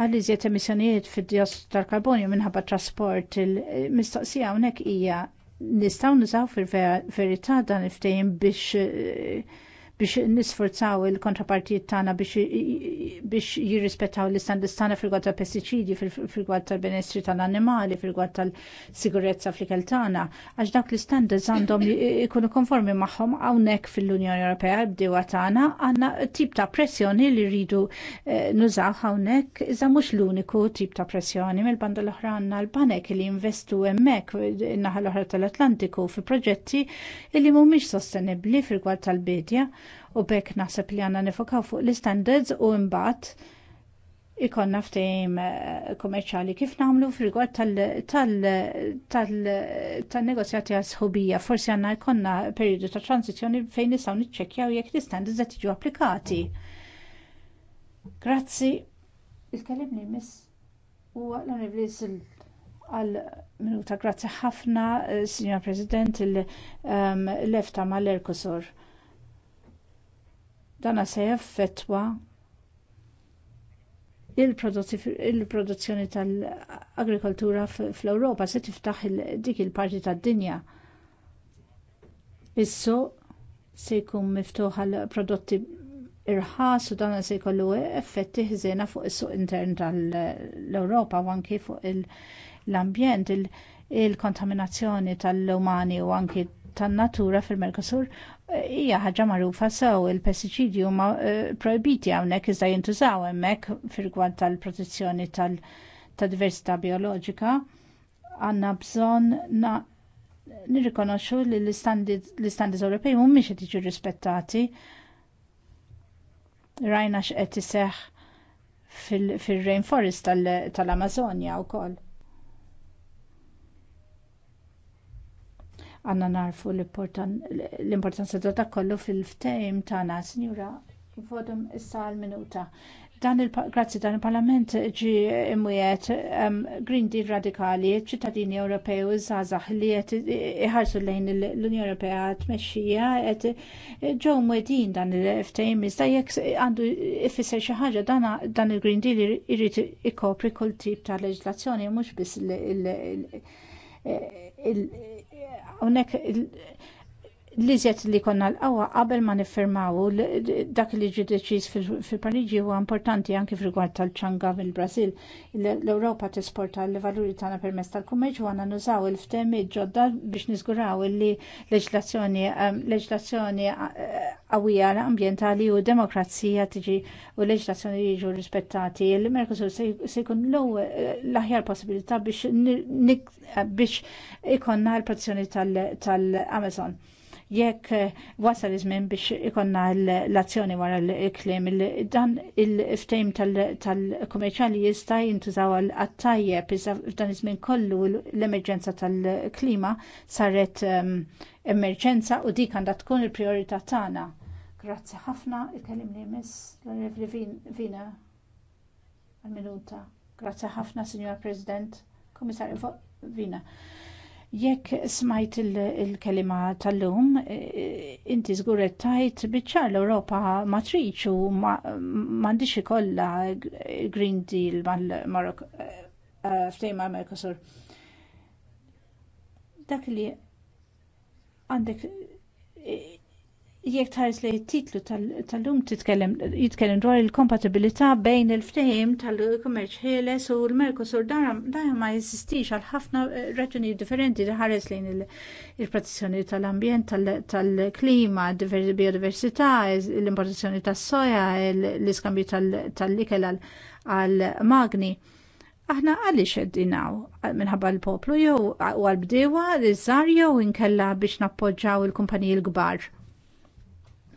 Speaker 3: għal iżjed emissjonijiet fid-diossidu tal-karbonju minħabba trasport il-mistoqsija hawnhekk hija nistgħu nużaw fil-verità dan il-ftehim biex eh, biex nisforzaw il-kontrapartijiet tagħna biex jirrispettaw l istandis tagħna fil ta' pestiċidi, fil rigward tal-benessri tal-annimali, fil rigward tal-sigurezza fl-ikel tagħna, għax dawk l-istandards għandhom ikunu konformi magħhom hawnhekk fil-Unjoni Ewropea bdewa tagħna għandna tip ta' pressjoni li rridu eh, nużaw hawnhekk iżda mhux l-uniku tip ta' pressjoni mill-banda l-oħra għandna l-banek li jinvestu hemmhekk in-naħa l-oħra tal-Atlantiku fi proġetti li mhumiex sostenibbli fil rigward tal-bidja u bekk naħseb li għandna nifokaw fuq l-standards u mbagħad ikonna ftehim eh, kommerċali kif nagħmlu fil-gwad tal-negozjati għal sħubija. Forsi għandna jkollna perjodu ta' transizjoni fejn nistgħu niċċekkjaw jekk l-istandards qed jiġu applikati. Grazzi. Il-kelim miss huwa l-Onorevoli għal minuta grazzi ħafna, eh, Signor President, il-lefta ehm, mal-Erkosor dan se jaffettwa il-produzzjoni tal-agrikoltura fl-Ewropa se tiftaħ dik il-parti tad-dinja. Issu se jkun miftuħ għal prodotti irħas u dan se jkollu effetti ħżiena fuq is-suq intern tal-Ewropa u anki fuq l-ambjent il-kontaminazzjoni tal-umani u anki tan-natura fil-Merkosur eh, hija ħaġa magħrufa sew il-pestiċidi huma eh, projbiti hawnhekk iżda jintużaw hemmhekk fir-rigward tal-protezzjoni tad-diversità bioloġika. Għandna bżonn nirrikonoxxu li l-istandiz Ewropej mhumiex qed jiġu rispettati. Rajna x'qed iseħħ fil-rainforest tal-Amazonja wkoll. għanna narfu l-importanza ta' dak kollu fil-ftehim tagħna, Sinjura, kifodum issa għal minuta. Dan il grazzi dan il-Parlament ġi imwiet um, Green Deal radikali, ċittadini Ewropej u zazax li qed iħarsu lejn l-Unjoni Ewropea tmexxija qed ġew mwedin dan il-ftehim iżda jekk għandu ifisser xi ħaġa dan il-Green Deal irid ikopri kull tip ta' leġislazzjoni mhux biss il- Eh, eh, eh, unnek li zjed li konna l-qawa qabel ma niffirmaw dak li ġi deċiż fil-Pariġi huwa importanti anke f'rigward tal-ċanga mill-Brażil. L-Ewropa tesporta l-valuri tagħna permezz tal-kummerċ u għandna nużaw il-ftehim ġodda biex niżguraw li leġlazzjoni ehm, leġlazzjoni eh, qawwija ambjentali u demokrazija tiġi u leġlazzjoni jiġu rispettati. Il-Merkosur se jkun eh, l-aħjar possibilità biex biex ikonna l-protezzjoni tal-Amazon jekk eh, wasal iż-żmien biex ikonna l-azzjoni wara l-klim dan il-ftejm tal-kummerċjali jista' jintużaw għat-tajjeb iżda f'dan iż-żmien kollu l-emerġenza tal-klima saret ehm, emerġenza u dik għandha tkun il-priorità tagħna. Grazzi ħafna, il miss l-Revli Vina għal-minuta. Grazzi ħafna, Signor President, Komissarju Vina. Jekk smajt il-kelima tal-lum, e, inti zguret tajt biċċar l-Europa matriċ u mandiċi kolla Green Deal mal-Marok e, e, ftejma Mercosur. Dak li għandek jekk tħares li titlu tal-lum titkellem jitkellem dwar il-kompatibilità bejn il-ftehim tal-kummerċ ħieles u l-Merkosur dajem ma jeżistix għal ħafna eh, raġunijiet differenti tħares lejn il-protezzjoni tal-ambjent, tal-klima, biodiversità, l-importazzjoni tas-soja, l-iskambju tal likel għal-magni. Aħna għaliex xeddinaw minħabba l-poplu jew għal-bdewa, l-żar jew inkella biex nappoġġaw il-kumpaniji l-kbar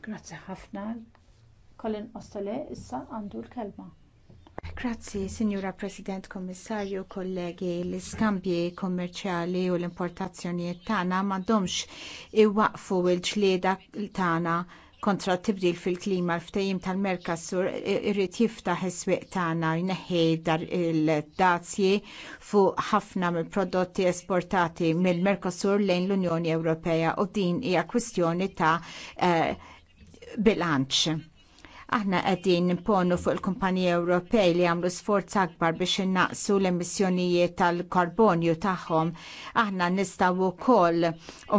Speaker 3: Grazzi ħafna. Colin Ostole issa għandu l-kelma. Grazzi, Signora President,
Speaker 2: Kommissarju, kollegi, l-iskambji kommerċjali u l-importazzjonijiet tagħna m'għandhomx iwaqfu l-ġlieda tagħna kontra t-tibdil fil-klima l-ftajim tal-Merkasur irrit jiftaħ is-swieq tagħna jneħħi dar il-dazji fuq ħafna mill prodotti esportati mill-Merkasur lejn l-Unjoni Ewropea u din hija kwistjoni ta' uh, bilanċ. Aħna qegħdin nponu fuq il-kumpaniji Ewropej li għamlu sforz akbar biex innaqsu l-emissjonijiet tal-karbonju tagħhom. Aħna nistgħu wkoll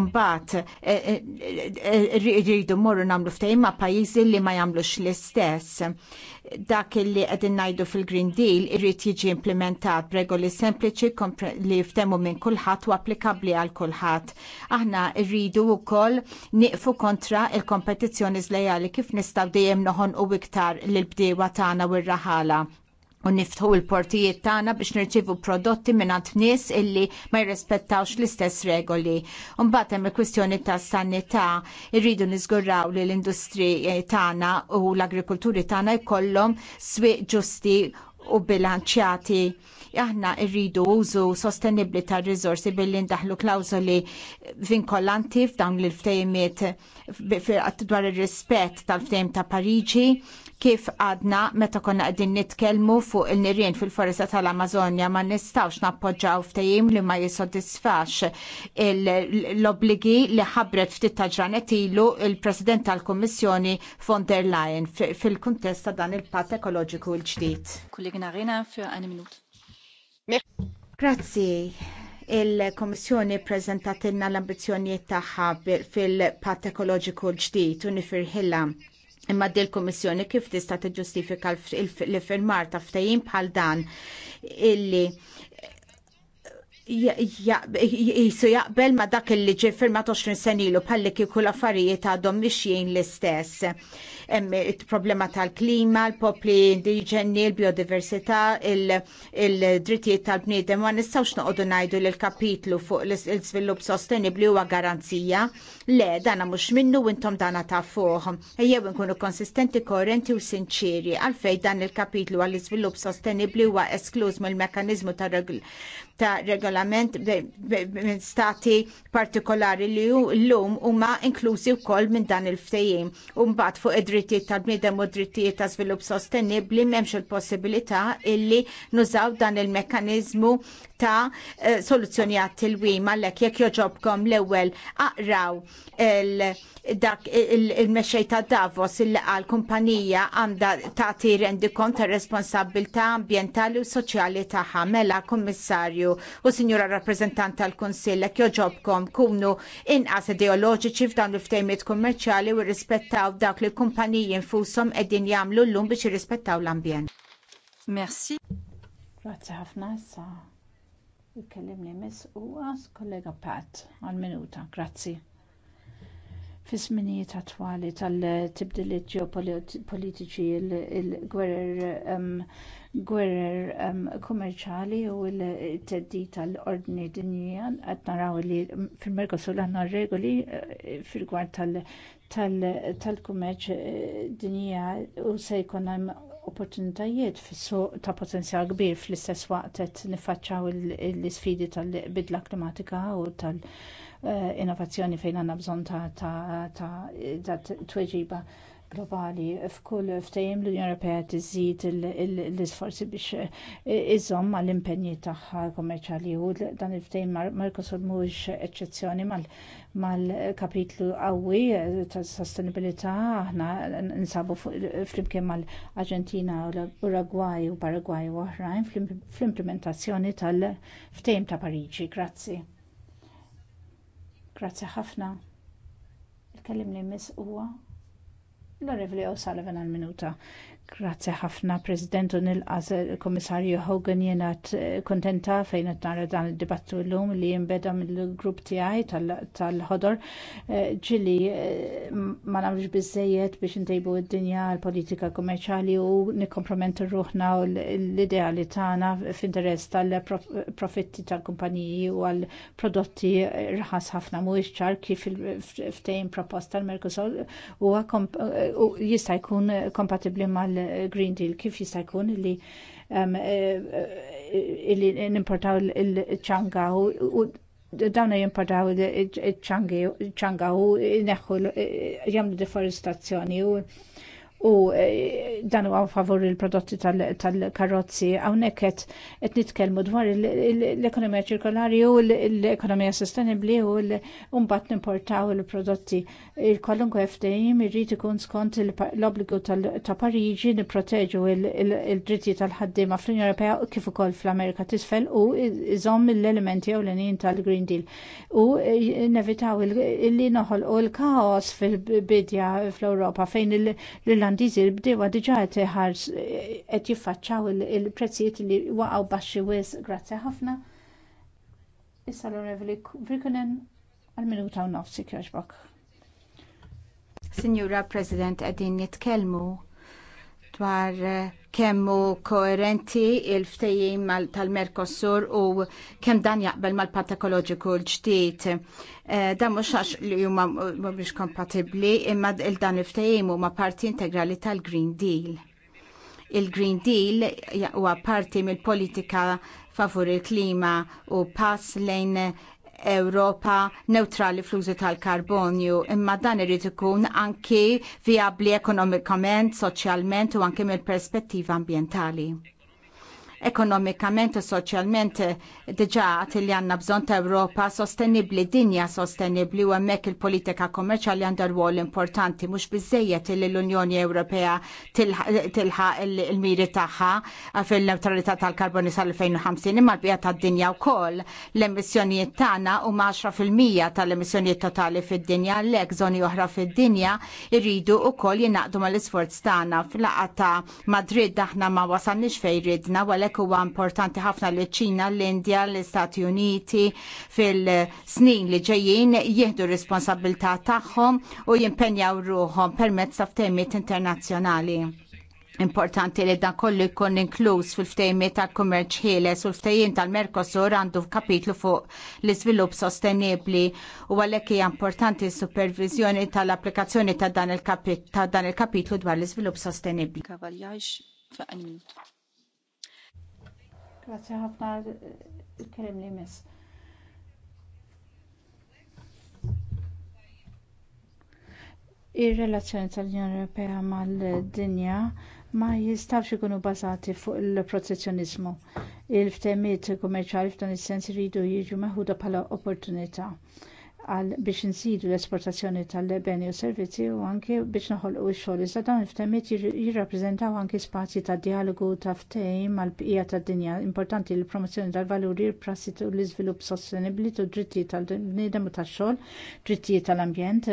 Speaker 2: mbagħad eh, eh, eh, rridu morru nagħmlu ftehim ma' pajjiżi li ma jagħmlux l-istess dak li qegħdin ngħidu fil-Green Deal irrit jiġi implementat li sempliċi li ftemu minn kulħadd u applikabbli għal kulħadd. Aħna rridu wkoll nieqfu kontra il-kompetizzjoni żlejali kif nistaw dejjem noħon u iktar l bdewa tagħna u r-raħala u niftħu l-portijiet tagħna biex nirċivu prodotti mingħand nies illi ma jirrispettawx l-istess regoli. Imbagħad hemm il-kwistjoni tas-sanità irridu niżgurraw li l-industri eh, tagħna u l-agrikulturi tagħna jkollhom swieq ġusti u bilanċjati aħna rridu użu sostenibbli tar riżorsi billi ndaħlu klawżoli vinkolanti f'dawn l-ftejmiet dwar ir-rispett tal-ftejm ta' Pariġi kif għadna meta konna qegħdin nitkellmu fuq il-nirien fil-foresta tal-Amazonja ma nistgħux nappoġġaw ftejim li ma jissodisfax l-obbligi li ħabbret ftit ta' ġranet ilu il-President tal-Kummissjoni von der Leyen fil-kuntest ta' dan il-patt ekoloġiku l-ġdid.
Speaker 3: Kollegina Rena, für għani minut.
Speaker 2: Grazzi. Il-Komissjoni prezentat l ambizzjonijiet tagħha fil-patt ekoloġiku l-ġdid u nifirħilla. Imma di l-Komissjoni kif tista' tiġġustifika l-firmar ta' ftehim bħal dan illi jisu jaqbel ma dak li ġi firma 20 senilu palli kiku l-affarijiet għadhom mixjien l-istess. Il-problema tal-klima, l-popli indiġeni, l-biodiversità, il-drittijiet tal-bniedem, ma nistawx noqogħdu ngħidu l-kapitlu fuq l-iżvilupp sostenibli huwa garanzija. Le, dana mhux minnu intom dana ta' fuq. Ejjew nkunu konsistenti, koerenti u sinċiri għalfej dan il-kapitlu għall-iżvilupp sostenibli huwa eskluż mill-mekkaniżmu ta' ta' regolament minn stati partikolari li l-lum huma inklużi wkoll minn dan il U Umbagħad fuq id-drittijiet tal bnidem u drittijiet ta' svilup sostenibbli m'hemmx il-possibilità illi nużaw dan il mekanizmu ta' eh, soluzzjonijat til-wim għalhekk jekk joġobkom l-ewwel aqraw dak il-mexxej ta' Davos illi għal kumpanija għandha tagħti rendi kont ta' responsabilità ambjentali u soċjali tagħha mela kommissarju. Kummissarju u Sinjura Rappreżentant tal-Kunsill jekk joġobkom kunu inqas ideoloġiċi f'dawn l-ftejmiet kummerċjali u rispettaw dak li kumpaniji kumpaniji infushom qegħdin jagħmlu llum biex jirrispettaw l-ambjent.
Speaker 3: Merci. Grazzi ħafna sa. mis u għas kollega Pat għal-minuta. Grazzi fi żminijiet tal-tibdiliet ġeopolitiċi il-gwerer ehm, gwerer kummerċali u l teddi tal-ordni dinjija qed naraw li fil-Merkosur għandna regoli eh, fil-gwar tal-kummerċ -tal eh, dinjija u se jkun hemm opportunitajiet fis su ta' potenzjal kbir fl-istess waqt qed niffaċċjaw l-isfidi tal-bidla klimatika u tal-innovazzjoni eh, fejn għandna bżonn ta' tweġiba globali f'kull ftehim l-Unjoni Ewropea tiżid l-isforzi biex iżomm mal-impenji tagħha kummerċjali u dan il-ftehim Mercosur mhuwiex eċċezzjoni mal-kapitlu qawwi tas sostenibilità aħna nsabu flimkien mal-Arġentina u l-Uragwaj u Paragwaj u oħrajn fl-implementazzjoni tal-ftehim ta' Pariġi. Grazzi. Grazzi ħafna. Il-kellim li miss huwa L-Onorevoli O'Sullivan għal-minuta. Grazie ħafna President u nilqas eh, Komissarju Hogan jenat eh, kontenta fejn qed nara dan id-dibattu llum li jimbeda mill-grupp tiegħi tal-ħodor eh, ġili ma nafx biżejjed biex intejbu id dinja l-politika kummerċjali u nikkompromentu ruħna u l-ideali tagħna f'interess tal-profitti tal-kumpaniji u għal prodotti rħas ħafna mhuwiex ċar kif ftejn proposta tal-Mercosur huwa jista' jkun kompatibbli mal il-Green Deal kif jista' jkun li li nimportaw il-ċanga u dawna jimportaw il-ċanga u neħħu jamlu deforestazzjoni u u e, dan huwa favur il-prodotti tal-karozzi hawnhekk qed nitkellmu dwar l-ekonomija ċirkolari u l-ekonomija sostenibbli u l mbagħad nimportaw il-prodotti. Il-kwalunkwe ftehim irrid ikun skont l-obbligu ta' Pariġi nipproteġu il-dritti tal-ħaddiema fl-Unjoni Ewropea kif ukoll fl-Amerika t'isfel u iżom l-elementi l-enin tal-Green Deal u e, nevitaw li u l-kaos fil-bidja fl-Ewropa fejn il l-Irlandiżi l diġà qed jiffaċċjaw il-prezzijiet li waqgħu baxxi wisq. Grazzi ħafna. Issa l-Onorevoli Vrikunen għal-minuta u nofs ikjoġbok.
Speaker 2: Signora President, qegħdin nitkellmu dwar eh, kemmu koerenti il ftejim tal-Merkosur u kemm dan jaqbel mal-patt ekoloġiku l-ġdid. Eh, dan mhux għax li huma mhumiex kompatibbli imma il dan il-ftejjim huma parti integrali tal-Green Deal. Il-Green Deal huwa parti mill-politika favur il-klima u pass lejn Ewropa neutrali fl-użu tal-karbonju, imma dan irid ikun anki viabli ekonomikament, soċjalment u anke mill-perspettiva ambjentali ekonomikament u soċjalment eh, diġa għat li għanna bżon ta' Ewropa sostenibli, dinja sostenibli u għemmek il-politika li għandha rwol importanti, mux bizzejiet li l-Unjoni Ewropea tilħa il-miri taħħa fil-neutralità tal-karboni sal-2050 imma l-bija ta' dinja u koll l-emissjonijiet tagħna u 10% tal-emissjonijiet totali fid-dinja l-ek zoni oħra fid-dinja irridu u koll jinaqdu mal sforz tagħna fil-laqata Madrid daħna ma wasannix fejn ridna, għalek huwa importanti ħafna li ċina, l-Indja, l-Istati Uniti fil-snin li ġejjin jieħdu responsabilità tagħhom u jimpenjaw ruhom permezz ta' ftehmiet internazzjonali. Importanti li dan kollu jkun inkluż fil-ftejmiet tal-kummerċ ħieles u l-ftejjim tal-Merkosur għandu kapitlu fuq l-iżvilupp sostenibbli u għalhekk hija importanti s-supervizjoni tal-applikazzjoni ta' dan il-kapitlu dwar l-iżvilupp sostenibbli.
Speaker 3: Grazie ħafna il-kelim li miss. Ir-relazzjoni tal-Unjoni Ewropea mal-dinja ma jistawx ikunu bbażati fuq il-protezzjonizmu. il ftemiet kummerċjali f'dan is-sens iridu jiġu meħuda bħala opportunità għal biex nżidu l-esportazzjoni tal-beni u servizzi u anke biex noħolqu x-xogħol. Iżda dawn il-ftehmiet jirrappreżentaw anke spazji ta' dialogu ta' ftehim mal bqija tad-dinja. Importanti l promozzjoni tal-valuri, prassi u l-iżvilupp sostenibbli u drittijiet tal-bniedem u tax-xogħol, drittijiet tal-ambjent,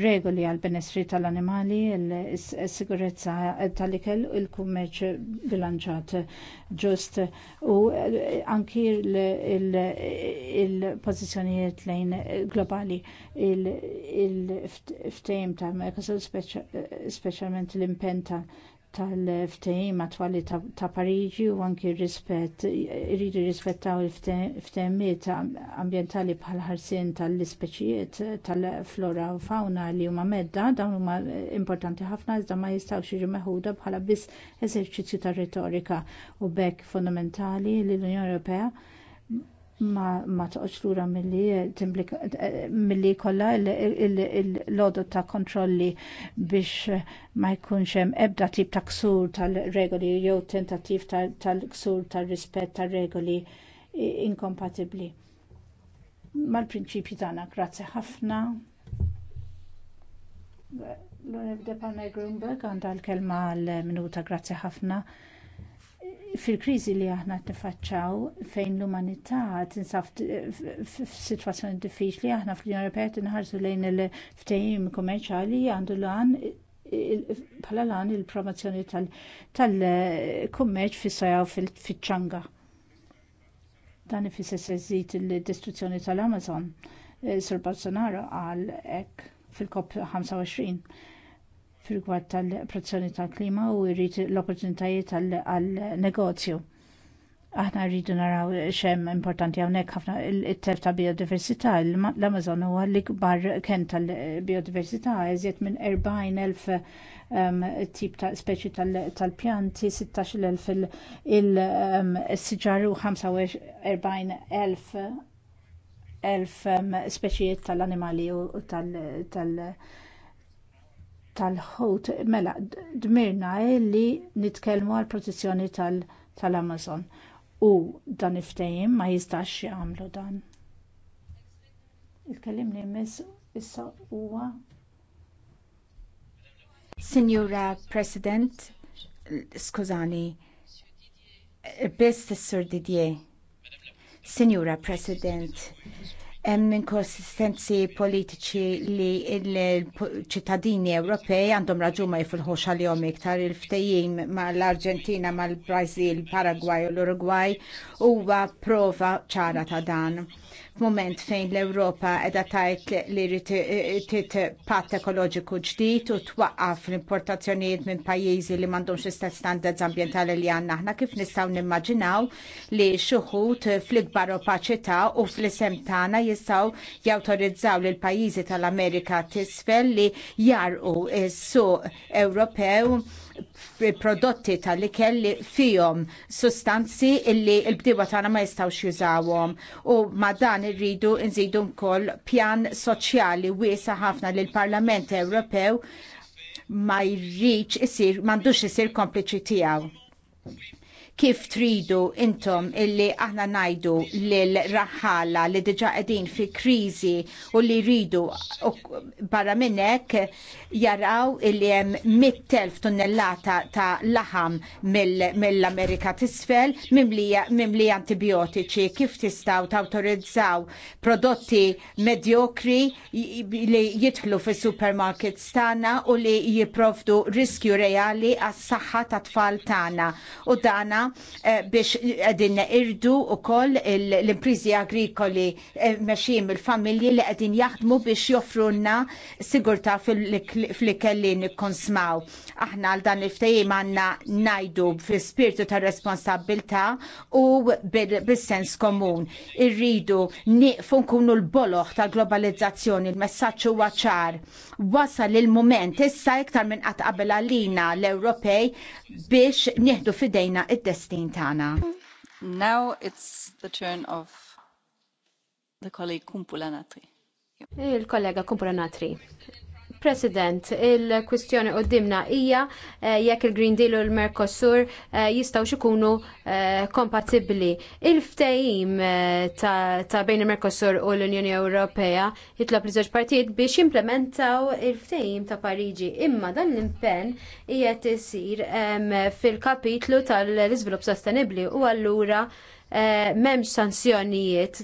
Speaker 3: regoli għal benessri tal-animali, l-sigurezza tal-ikel u l-kummerċ bilanċat ġust u anki il-pożizzjonijiet lejn globali globali il-ftehim ta' Mercosur speċjalment l impenta tal-ftehim attuali ta' Parigi u anki rispett iridu jirrispettaw il-ftehimiet ambjentali bħal ħarsien tal-ispeċijiet tal-flora u fauna li huma medda dawn huma importanti ħafna iżda ma jistgħux jiġu meħuda bħala biss eżerċizzju ta' retorika u bekk fondamentali lill unjoni Ewropea ma, ma toqgħodx lura milli eh, eh, kollha l logħdu ta' kontrolli biex eh, ma jkunx hemm ebda tip ta' ksur tal-regoli jew tentattiv tal-ksur tar-rispett tar-regoli inkompatibbli. Mal-prinċipji tagħna, grazzi ħafna. L-Unif panna Grunberg għandha l-kelma għal-minuta, grazzi ħafna fil-kriżi li aħna tifaċċaw fejn l-umanità tinsab f'sitwazzjoni diffiċli aħna fl-Unjoni Ewropea lejn il-ftehim kummerċjali għandu lan bħala lan il-promozzjoni tal-kummerċ fis-soja u fiċ-ċanga. Dan ifisser se żżid il-distruzzjoni tal-Amazon. Eh, Sir Bolsonaro qal hekk fil-COP 25 fil-gwad tal prozzjoni tal-klima u jrid l-opportunitajiet tal negozju Aħna rridu naraw xem importanti hawnhekk ħafna it-terf ta' biodiversità. L-Amazon huwa l-ikbar ken tal-biodiversità eżiet minn 40,000 tip ta' speċi tal-pjanti, 16,000 il sġar u 45,000 speċijiet tal-animali u tal-, tal tal-ħut mela dmirna li nitkellmu għall protezzjoni tal-Amazon u dan il ma jistax jagħmlu dan. Il-kellim li jmiss issa huwa Signora
Speaker 2: President, skużani, biss s sur Didier. Signora President, hemm inkonsistenzi politiċi li l-ċittadini Ewropej għandhom raġun ma jifilħux għalihom iktar il-ftehim mal-Arġentina, mal-Brażil, Paragwaj u l-Urugwaj huwa prova ċara ta' dan f'mument fejn l-Ewropa edha tajt li rrit patt ekoloġiku ġdid u twaqqaf l-importazzjonijiet minn pajjiżi li m'għandhomx istess standards ambjentali li għandna aħna kif nistgħu nimmaġinaw li xuħut fl-ikbar opaċità u fl-isem tagħna jistgħu jawtorizzaw lil pajjiżi tal-Amerika tisfel li jarqu s-suq Ewropew prodotti tal-ikel li fihom sustanzi illi l bdiba tagħna ma jistgħux jużawhom u ma dan irridu nżidu wkoll pjan soċjali wiesa ħafna l parlament Ewropew ma jridx isir m'għandux isir kompliċi tiegħu kif tridu intom illi aħna najdu lil raħala li diġa qegħdin fi kriżi u li ridu barra minnek jaraw illi hemm 100,000 tonnellata ta' laħam mill-Amerika tisfel mimli antibiotiċi kif tistaw tawtorizzaw prodotti medjokri li jitħlu fis supermarkets tagħna u li jipprovdu riskju reali għas saħħa tat tfal tagħna u dana Eh, biex qegħdin irdu wkoll l-imprizi agrikoli eh, meċim il-familji li qegħdin jaħdmu biex joffrunna sigurtà fl-ikel li nikkonsmaw. Aħna għal dan il ftajim għandna ngħidu fil-spirtu ta' responsabilità u bil-sens komun. Irridu nieqfu nkunu l-boloħ ta' globalizzazzjoni il-messaġġ huwa ċar. Wasal il-moment issa iktar minn qatt qabel għalina l-Ewropej biex nieħdu fidejna id id-destin tagħna. Now it's
Speaker 3: the turn of the colleague Kumpula Natri.
Speaker 1: Il-kollega Kumpula Natri. President, il-kwistjoni dimna hija eh, jekk il-Green Deal u l-Mercosur eh, jistgħu x'ikunu eh, kompatibbli. Il-ftehim ta' bejn il-Mercosur u l-Unjoni Ewropea jitlob li żewġ partijiet biex implementaw il-ftehim ta' Pariġi. Imma dan l-impenn qiegħed isir fil-kapitlu tal-iżvilupp sostenibbli u allura memx sanzjonijiet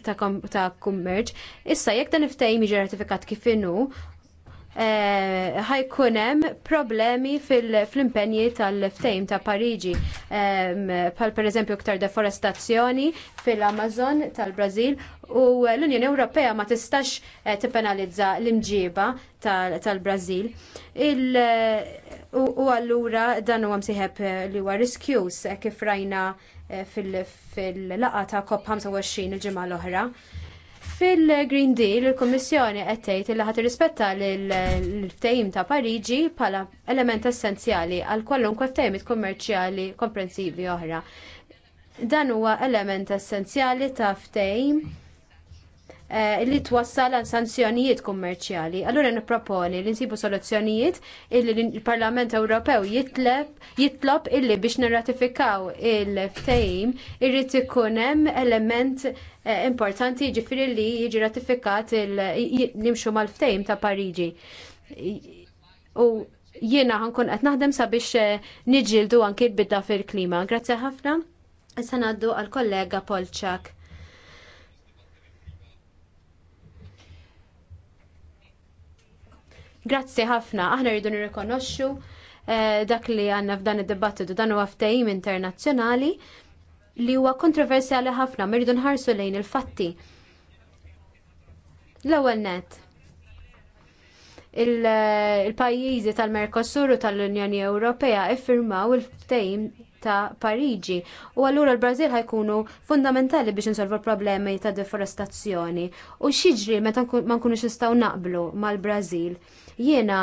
Speaker 1: ta' kummerċ. Issa jekk dan iftajim jiġi ratifikat kif inhu Eh, ħajkun hemm problemi fil-impenji tal-ftejm ta' Pariġi bħal pereżempju iktar deforestazzjoni fil-Amazon tal-Brażil u l-Unjoni Ewropea ma tistax eh, tippenalizza l-imġiba tal-Brażil. U allura dan huwa msieħeb eh, li huwa riskjus kif rajna fil-laqa ta' COP25 il-ġimgħa l-oħra. Fil-Green Deal, il-Kommissjoni qed tgħid li ħadd irrispetta l-ftehim ta' Pariġi bħala element essenzjali għal kwalunkwe ftehimiet kummerċjali komprensivi oħra. Dan huwa element essenzjali ta' ftehim Eh, li twassal għal sanzjonijiet kummerċjali. Allura nipproponi li nsibu soluzzjonijiet illi l-Parlament Ewropew jitlob illi biex nirratifikaw il-ftehim irrid ikun hemm element eh, importanti jiġifieri li jiġi ratifikat nimxu mal-ftehim ta' Pariġi. U jiena ħankun qed naħdem sabiex eh, niġġieldu anke bidda fil-klima. Grazzi ħafna. Issa ngħaddu għall kollega Polċak Grazzi ħafna, aħna rridu nirrikonoxxu eh, dak li għanna f'dan id-dibattitu dan huwa ftehim internazzjonali li huwa kontroversjali ħafna, mirridu nħarsu lejn il-fatti. L-ewwel net, eh, il-pajjiżi tal-Merkosur u tal-Unjoni Ewropea iffirmaw il-ftehim ta' Pariġi u allura l-Brażil ħajkunu fundamentali biex insolvu problemi ta' deforestazzjoni. U xiġri meta ma nkunux nistgħu naqblu mal-Brażil. Jiena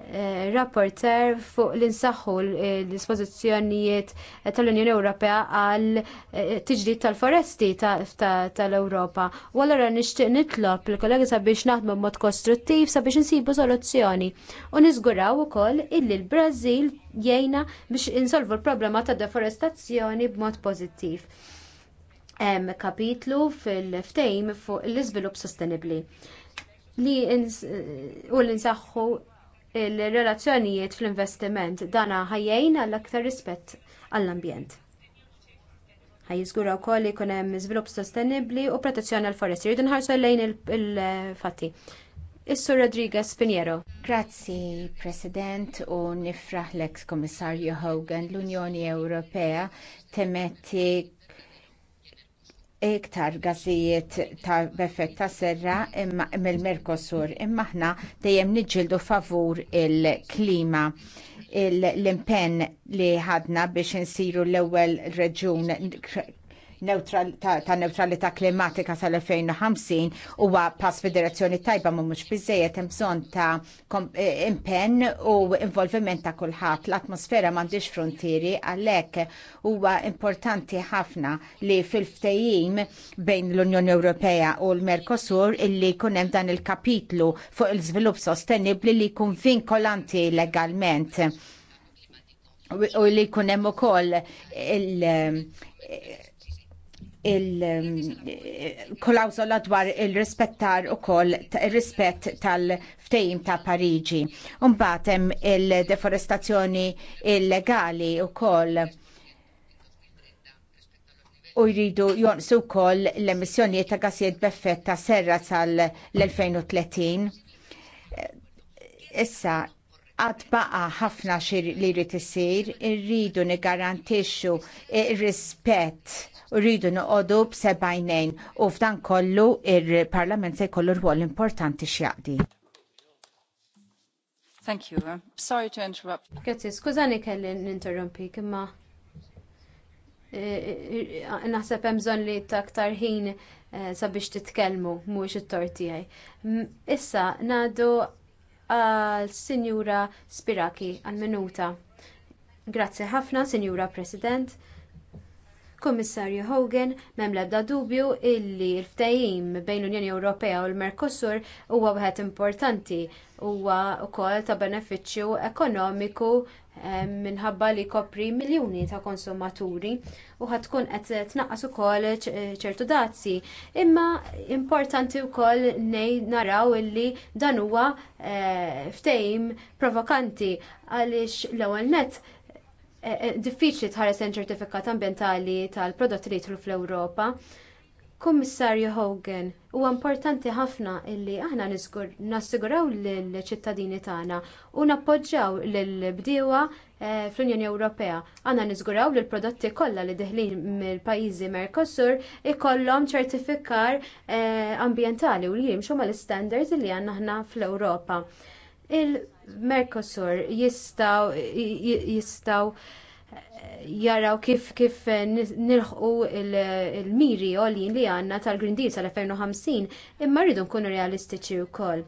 Speaker 1: Eh, rapporter fuq l-insaħħu l-dispożizzjonijiet tal-Unjoni Ewropea għal eh, tiġdid tal-foresti tal-Ewropa. U allura nixtieq nitlob il-kollegi sabiex naħdmu b'mod kostruttiv sabiex insibu soluzzjoni u niżguraw ukoll illi l-Brażil jgħinna biex insolvu l-problema ta' deforestazzjoni b'mod pożittiv. Hemm kapitlu fil-ftejm fuq l-iżvilupp sostenibbli li u l-insaħħu il-relazzjonijiet fl-investiment dana ħajjejn għall-aktar rispett għall-ambjent. Ħajjiżgura wkoll li jkun hemm iżvilupp sostenibbli u protezzjoni għall foresti Jridu nħarsu lejn il-fatti. Is-Sur Rodriguez Pinheiro. Grazzi, President, u nifraħlek, Komissarju
Speaker 2: Hogan, l-Unjoni Ewropea temetti iktar gażijiet ta' b'effett ta' serra mill-Merkosur imma aħna dejjem niġġieldu favur il-klima l-impenn li ħadna biex insiru l-ewwel reġjun ta' neutralità klimatika sal-2050 huwa pass fid-direzzjoni tajba ma mhux biżejjed hemm bżonn ta' e, impenn u involviment ta' kulħadd. L-atmosfera m'għandix frontieri għalhekk huwa importanti ħafna li fil-ftehim bejn l-Unjoni Ewropea u l-Mercosur illi jkun hemm dan il-kapitlu fuq il-żvilupp sostenibbli li jkun vinkolanti legalment u li jkun hemm ukoll il- Um, il-kolawzola dwar il-rispettar u koll il-rispett tal-ftejim ta' Pariġi. Umbatem il-deforestazzjoni illegali u koll u jridu jonqsu wkoll l-emissjonijiet ta' gassijiet b'effett ta' serra sal-2030. Issa, għad baqa ħafna xir li rrit isir, irridu nigarantixxu ir-rispett u rridu noqogħdu b'sebajnejn u f'dan kollu il-Parlament se jkollu rwol importanti x'jaqdi.
Speaker 3: Thank you. I'm sorry to interrupt.
Speaker 1: Grazie, skużani kelli n-interrumpi, imma eh, naħseb hemm bżonn li taktar ħin eh, sabiex titkellmu mhuwiex it-tort tiegħi. Issa ngħadu għal Sinjura Spiraki għal minuta. Grazzi ħafna, Sinjura President. Kummissarju Hogan m'hemm l-ebda dubju illi l-ftehim bejn l-Unjoni Ewropea u l-Mercosur huwa wieħed importanti huwa wkoll ta' benefiċċju ekonomiku minħabba li jkopri miljuni ta' konsumaturi u tkun qed tnaqqas ukoll ċertu dazzi. Imma importanti wkoll ngħid naraw illi dan huwa eh, ftehim provokanti għaliex l-ewwel nett eh, eh, diffiċli tħares ċertifikat ambjentali tal-prodotti li jidħlu fl-Ewropa Kummissarju Hogan, huwa importanti ħafna illi aħna nassiguraw lill ċittadini tagħna u nappoġġjaw lill-bdiewa eh, fl-Unjoni Ewropea. Għandna niżguraw li l-prodotti kollha li deħlin mill-pajjiżi Mercosur ikollhom ċertifikar eh, ambjentali u li jimxu mal-istandards li għandna aħna fl-Ewropa. Il-Mercosur jistgħu jaraw kif kif nilħqu il-miri għolin li għandna tal-Green Deal sal-2050 imma rridu nkunu realistiċi wkoll.